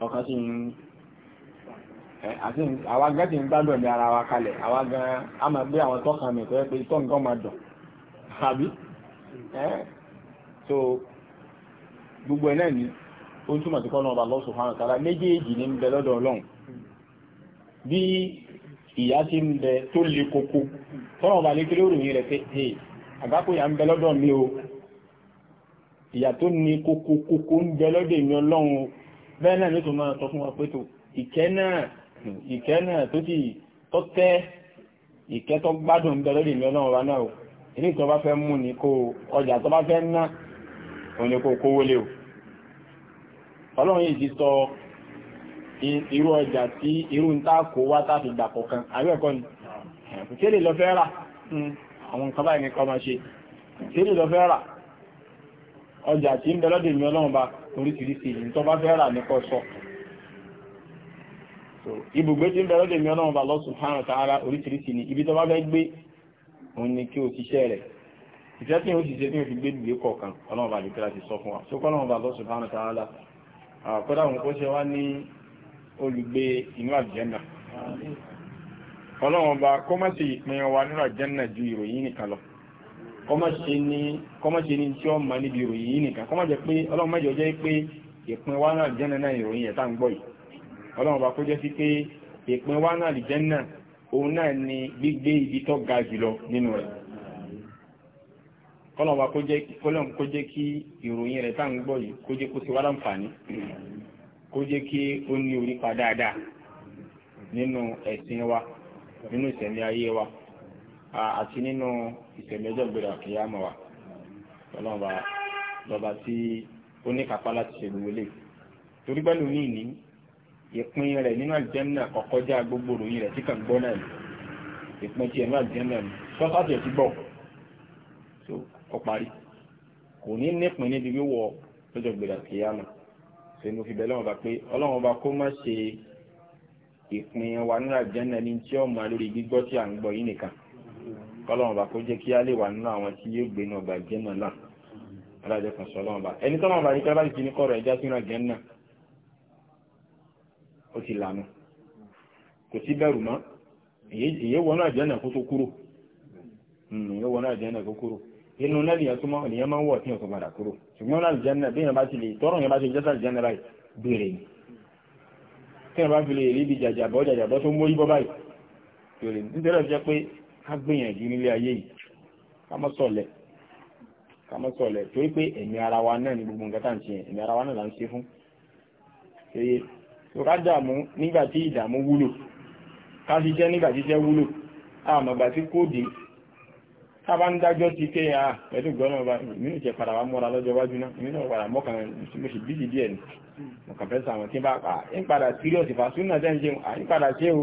ọkàn sí ń àti àwa gan ti ń gbádùn ẹ̀mí ara wa kalẹ̀ àwa gan a máa gbé àwọn tọ́kàn mi tó yẹ pé tọ́ nǹkan máa dùn àbí so gbogbo ẹ̀ náà ni ó ń túmọ̀ sí kọ́nà ọba Allah subhanahu wa ta'ala méjèèjì ní ń bẹ lọ́dọ̀ ọlọ́run bí ìyá ti ń bẹ tó le koko tọ́nà ọba lékele ó ròyìn rẹ̀ pé hey àgbákò ìyá ń bẹ lọ́dọ̀ mi o ìyá tó ní koko koko ń bẹ lọ́dọ̀ èmi ọlọ́run bẹ́ẹ̀ náà ló tó máa sọ fún wa pé tó ìkẹ́ náà tó ti tọ́ tẹ́ ìkẹ́ tó gbádùn bẹ lórí ìmọ̀ náà wa náà o ilé tó bá fẹ́ mú ní kó ọjà tó bá fẹ́ ná òun ni kó kówó lé o ọlọ́run yìí ti sọ irú ọjà tí irú ń tá kó wá tá fi gbà kọ̀ọ̀kan àbẹ́ẹ̀kọ́ ni kéde lọ fẹ́ rà hmm, àwọn nǹkan báyìí ní kọ́ máa ṣe kéde lọ fẹ́ rà ọjà tí ń bẹ lọ́dọ̀ ìmọ̀ náà oríṣiríṣi yìí tó bá fẹ́ rà ní kó sọ. ibùgbé tí ń bẹ̀rẹ̀ lèmi ọlọ́run bá Allah subhanahu wa ta'ala oríṣiríṣi ni ibi tó bá fẹ́ gbé òun ni kí o ṣiṣẹ́ rẹ̀ ìfẹ́ tí o sì ṣe tí o fi gbé ìgbé kọ̀ọ̀kan ọlọ́run bá nìkẹ́ra ti sọ fún wa sókọ́ ọlọ́run bá Allah subhanahu wa ta'ala àkọ́dà òun kó ṣe wá ní olùgbé inú àjẹ́nà ọlọ́run bá kó má sì ìpín wa nínú àjẹ́nà ju ìròyìn nìkan lọ kọ́mọ́ṣe ni tí ó mọ̀ níbi ìròyìn yìí nìkan kọ́mọ́ jẹ́ pé ọlọ́run mẹ́jọ jẹ́ pé ìpín wa náà jẹ́ náà ìròyìn ẹ̀ta ń gbọ́ yìí ọlọ́run bá kó jẹ́ sí pé ìpín wa náà lìjẹ́ náà òun náà ni gbígbé ibi tó ga jùlọ nínú rẹ̀ kọ́lọ́run bá kó jẹ́ kí ìròyìn rẹ̀ tá ń gbọ́ yìí kó jẹ́ kó ti wá láǹfààní kó wa àti nínú ìṣẹ̀lẹ̀jọ́ gbèrè àkíyàmọ̀ wa ọlọ́ọ̀bà lọ́ba tí ó ní kápá láti ṣe gbogbo lè torí pẹ́lú ní ìní ìpín rẹ̀ nínú àjẹ́mìnà kọ̀kọ́já gbogbo ròyìn rẹ̀ tí kàn gbọ́ náà ìpín tí ẹ̀mí àjẹ́mìnà sọ́sàtì ẹ̀ ti bọ̀ so ó parí kò ní nípìn níbi wíwọ lọ́jọ́ gbèrè àkíyàmọ̀ ṣe mo fi bẹ̀ lọ́wọ́ bá pé ọlọ́wọ́ bá kó má ṣe ìpín wa nínú àjẹ́mìnà ní tí ọmọ lórí gbígbọ́ tí à ń gbọ́ yìí nìkan kọ́lọ́wọ́n bá kó jẹ́ kí á lè wà nínú àwọn tí yóò gbé náà gbà jẹ́ náà láà alájọ kan sọ lọ́wọ́n bá ẹni tọ́lọ́wọ́n bá rí kí láti ní kọ́rọ̀ ẹja sínú àjẹ́ náà ó ti lànà kò sí bẹ̀rù mọ́ èyí wọnú àjẹ́ náà kó tó kúrò hmm, èyí wọnú àjẹ́ náà kó kúrò inú náà nìyẹn tó máa nìyẹn máa ń wọ̀ tí yẹn kò padà kúrò ṣùgbọ́n náà àjẹ́ náà bí bá ti lè tọ́rọ̀ yẹn bá ti jẹ́sà àjẹ́ náà báyìí ni tí yẹn bá fi lè rí ibi jàjàbọ́ jàjàbọ́ tó mórí bọ́ báyìí ká gbìyànjú nílé ayé yìí ká má sọ̀lẹ̀ ká má pé ẹ̀mí ara wa náà ni gbogbo nǹkan tá à ń ṣe yẹn ẹ̀mí ara wa náà là ń ṣe fún ṣeye tó ká dààmú nígbà tí ìdààmú wúlò ká ṣiṣẹ́ nígbà tí iṣẹ́ wúlò àmọ̀gbà tí kò dé tábà ń dájọ́ ti pé à pẹ̀lú gbọ́nà ọba ìmínú ìṣẹ̀ padà wá mọ́ra lọ́jọ́ iwájú náà ìmínú ọ̀padà mọ́kàn mo sì bíjì díẹ̀ ni mo kàn fẹ́ sàwọn tí ń bá ń padà sírí ọ̀sìfà súnà tẹ́ ń ṣe ń padà ṣe o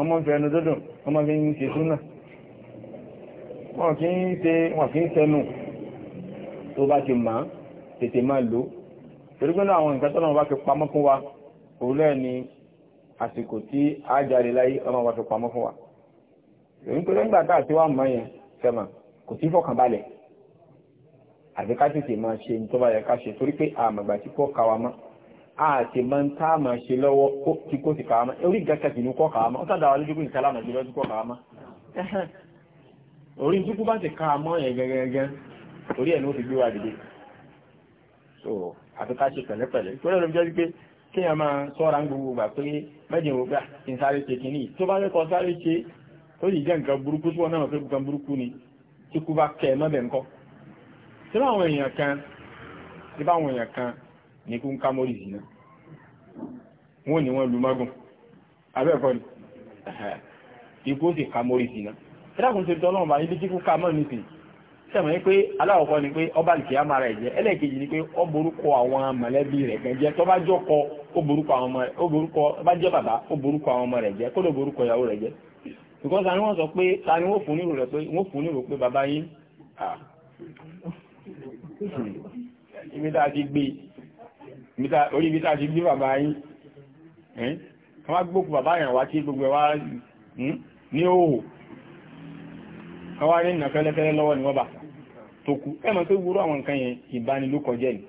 ọmọ ń fẹnu dọ́dùn ọmọ fi ń ṣe súnà wọn kì í ṣe wọn kì í ṣẹnu tó bá ti mọ̀ tètè máa lò torí pé àwọn nǹkan tó náà bá fi pamọ́ fún wa òun náà ni àsìkò tí a jáde láyé ọmọ wa fi pamọ́ fún wa èyí pé nígbà tá àti wà mọ̀ yẹn sẹ́mà kò sí fọkànbalẹ̀ àti ká tètè máa ṣe ní tó bá yẹ ká ṣe torí pé àmọ̀gbà tí kò ká wa mọ́ àti mọ́ntá ma ṣe lọ́wọ́ kí kó ti kàámá orí ìgbàkà jìnú kọ́ kàámá ó sádàwà lójú pín ìkàlámà jùlọ jù kọ́ kàámá orí ìtúkú bá ti kàámọ́ ẹ̀ gẹ́gẹ́gẹ́ orí ẹ̀ ní ó fi gbé wa dìde so àti ká ṣe pẹ̀lẹ́pẹ̀lẹ́ tó lẹ́nu jẹ́ pé kí ẹ máa sọ́ra ń gbogbo gbà pé mẹ́jìn wo gbà kí n sáré ṣe kìíní tó bá fẹ́ kọ sáré ṣe ó sì jẹ́ nǹkan burúkú tí wọ́n náà fẹ́ nǹkan burúkú ni tí kú bá kẹ́ ẹ mọ́bẹ̀ ńkọ́ tí báwọn èèyàn kan tí báwọn èèyàn kan ní kún kámọ́rì ìsìnà wọ́n ni wọ́n lu mágùn abẹ́ẹ̀kọ́ ni ikú sì kámọ́rì ìsìnà ẹ̀dàkùn ṣe tọ́lọ́run bá níbi tí kú kámọ́ nìsìn sẹ́mọ̀ ní pé aláwọ̀kọ́ ni pé ọba lè kíá mara ẹ̀jẹ̀ ẹlẹ́ẹ̀kejì ni pé ó borúkọ àwọn mọ̀lẹ́bí rẹ̀ kan jẹ́ tó bá jọ kọ ó borúkọ àwọn ọmọ rẹ̀ ó borúkọ bá jẹ́ bàbá ó borúkọ àwọn ọmọ rẹ̀ jẹ́ kó ló borúkọ ìyàwó rẹ̀ jẹ́ because ta ni wọ́n sọ pé ta wọ́n fún nírò rẹ̀ pé wọ́n fún nírò pé bàbá yín hmm, ibi tá a ti gbé e orí ibi tàbí bí bàbá yìí kan wá gbókù bàbá yàn wá tí gbogbo ẹwà ní òhò kan wá ní ìnà fẹ́lẹ́fẹ́lẹ́ lọ́wọ́ ni wọ́n bà tó kú ẹmọ tó wúrú àwọn nǹkan yẹn ìbánilókọjẹ́ ni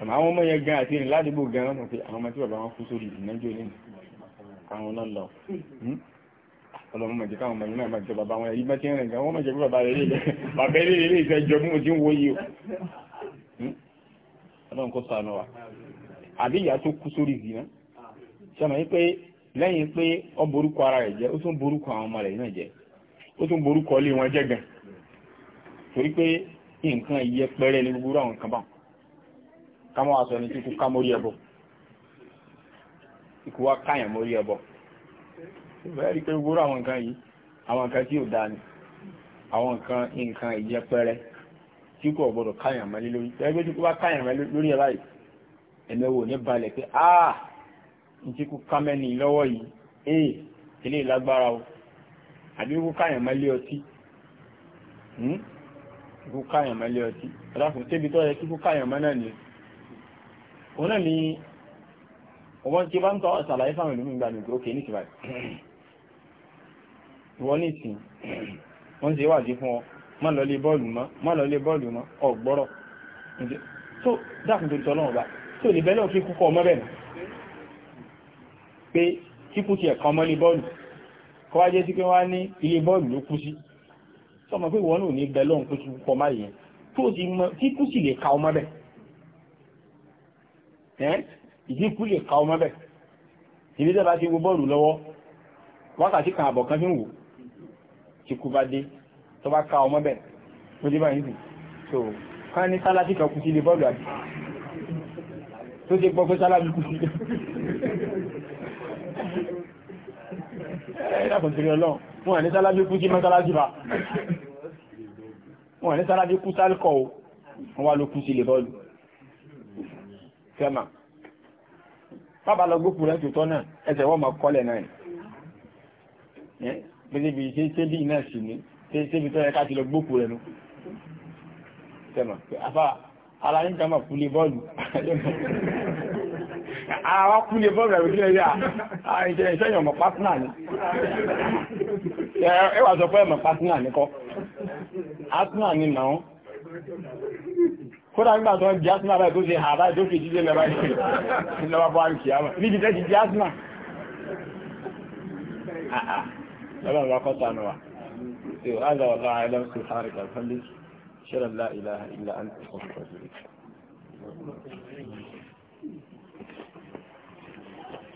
àmà àwọn ọmọ yẹn gan àti ìrìn ládùúgbò gan wọn pé àwọn ọmọ tí bàbá wọn kú sórí ìdìnàjò ní àwọn náà lọ hm? ọlọ́mọ mọ̀jẹ́ káwọn ọmọ náà mọ̀jẹ́ bàbá wọn ẹ̀rí bá ti rìn gan wọ́n mọ̀jẹ́ bàbá rẹ̀ lè bàbá rẹ̀ lè ìfẹ́ jọ bí mo ti ń wo yìí ọlọ́run kó sànù wa àbí ìyá tó kú sórí ìzìnà sọmọ yìí pé lẹ́yìn pé borúkọ ara rẹ̀ jẹ́ ó tún borúkọ àwọn ọmọ rẹ̀ náà jẹ́ ó tún borúkọ ilé wọn jẹ́ gan torí pé nǹkan ìyẹpẹrẹ ní gbogbo àwọn kan bá aṣọ ni kíkú ká mórí ẹbọ wá káyàn mórí ẹbọ rí pé gbogbo àwọn nǹkan yìí àwọn nǹkan tí kò gbọdọ̀ káyàn mọ́lé lórí ẹgbẹ́ tí kò bá káyàn mọ́lé lórí ẹ̀ báyìí ẹ̀mẹ́wò ní balẹ̀ pé áà ah, ní tí kò ká mẹ́ni lọ́wọ́ yìí ee eh, ilé ìlágbára o àbí kò káyàn mọ́lé ọtí hmm? kò káyàn mọ́lé ọtí ọ̀dàkùn tẹ́bi tó yẹ kí kò káyàn mọ́ náà ni òun náà ni ọmọ tí bá ń tọ́ ṣàlàyé fáwọn ìlú nígbà nìgbà òkè níṣìbàá ìwọ ní ìsìn wọ́n ń ṣe wádìí má lọ lé bọ́ọ̀lù mọ́ má lọ lé bọ́ọ̀lù mọ́ ọ̀gbọ́rọ̀ tó dákùn tó tọ́lọ́ ọba tó lè bẹ́lẹ̀ òfin kúkọ ọmọ bẹ́ẹ̀ pé kíkú ti ẹ̀kan ọmọ lé bọ́ọ̀lù kọ́ wá jẹ́ sí pé wá ní ilé bọ́ọ̀lù ló kú sí sọmọ pé ìwọ náà wo bọ́ọ̀lù lọ́wọ́ wákàtí kan àbọ̀ fi ń wò kíkú bá dé tó bá ká ọmọ bẹ̀ mo dé báyìí so ká ní sálábì kan kú sí ilé bọ́ọ̀lù àbí tó ṣe gbọ́ pé sálábì kú sí ilé ẹ̀ẹ́dà kò tẹ̀lé ọlọ́run wọn ní sálábì kú sí mọ́sálábì bá wọn ní sálábì kú sálkọ̀ o wọn wá ló kú sí ilé bọ́ọ̀lù fẹ́mà bàbá lọ gbókù rẹ̀ tòótọ́ náà ẹsẹ̀ wọ́n mọ̀ kọ́lẹ̀ náà ẹ̀ pẹ̀lú ibi ṣe náà sì ní tẹ́bi tó yẹ ká ti lọ gbókù rẹ̀ nù tẹ́mọ̀ afá ara yín ká máa kúlé bọ́ọ̀lù ara wá kúlé bọ́ọ̀lù ẹ̀rù sílẹ̀ yá àìṣẹ́ ìṣẹ́yìn ọmọ pátínà ni ẹ wà sọ pé ọmọ pátínà ni kọ́ pátínà ni nà ó kódà nígbà tó ń jásínà báyìí tó ṣe hà báyìí tó fi jíjẹ lọ báyìí lọ́wọ́ bọ́ àrùn kìá mọ̀ níbi tẹ́ ti jásínà ah, ah. Ọlọ́run wa kọ́ sànù wa. هذا والله أعلم سبحانك وبحمدك أشهد أن لا إله إلا أنت أستغفرك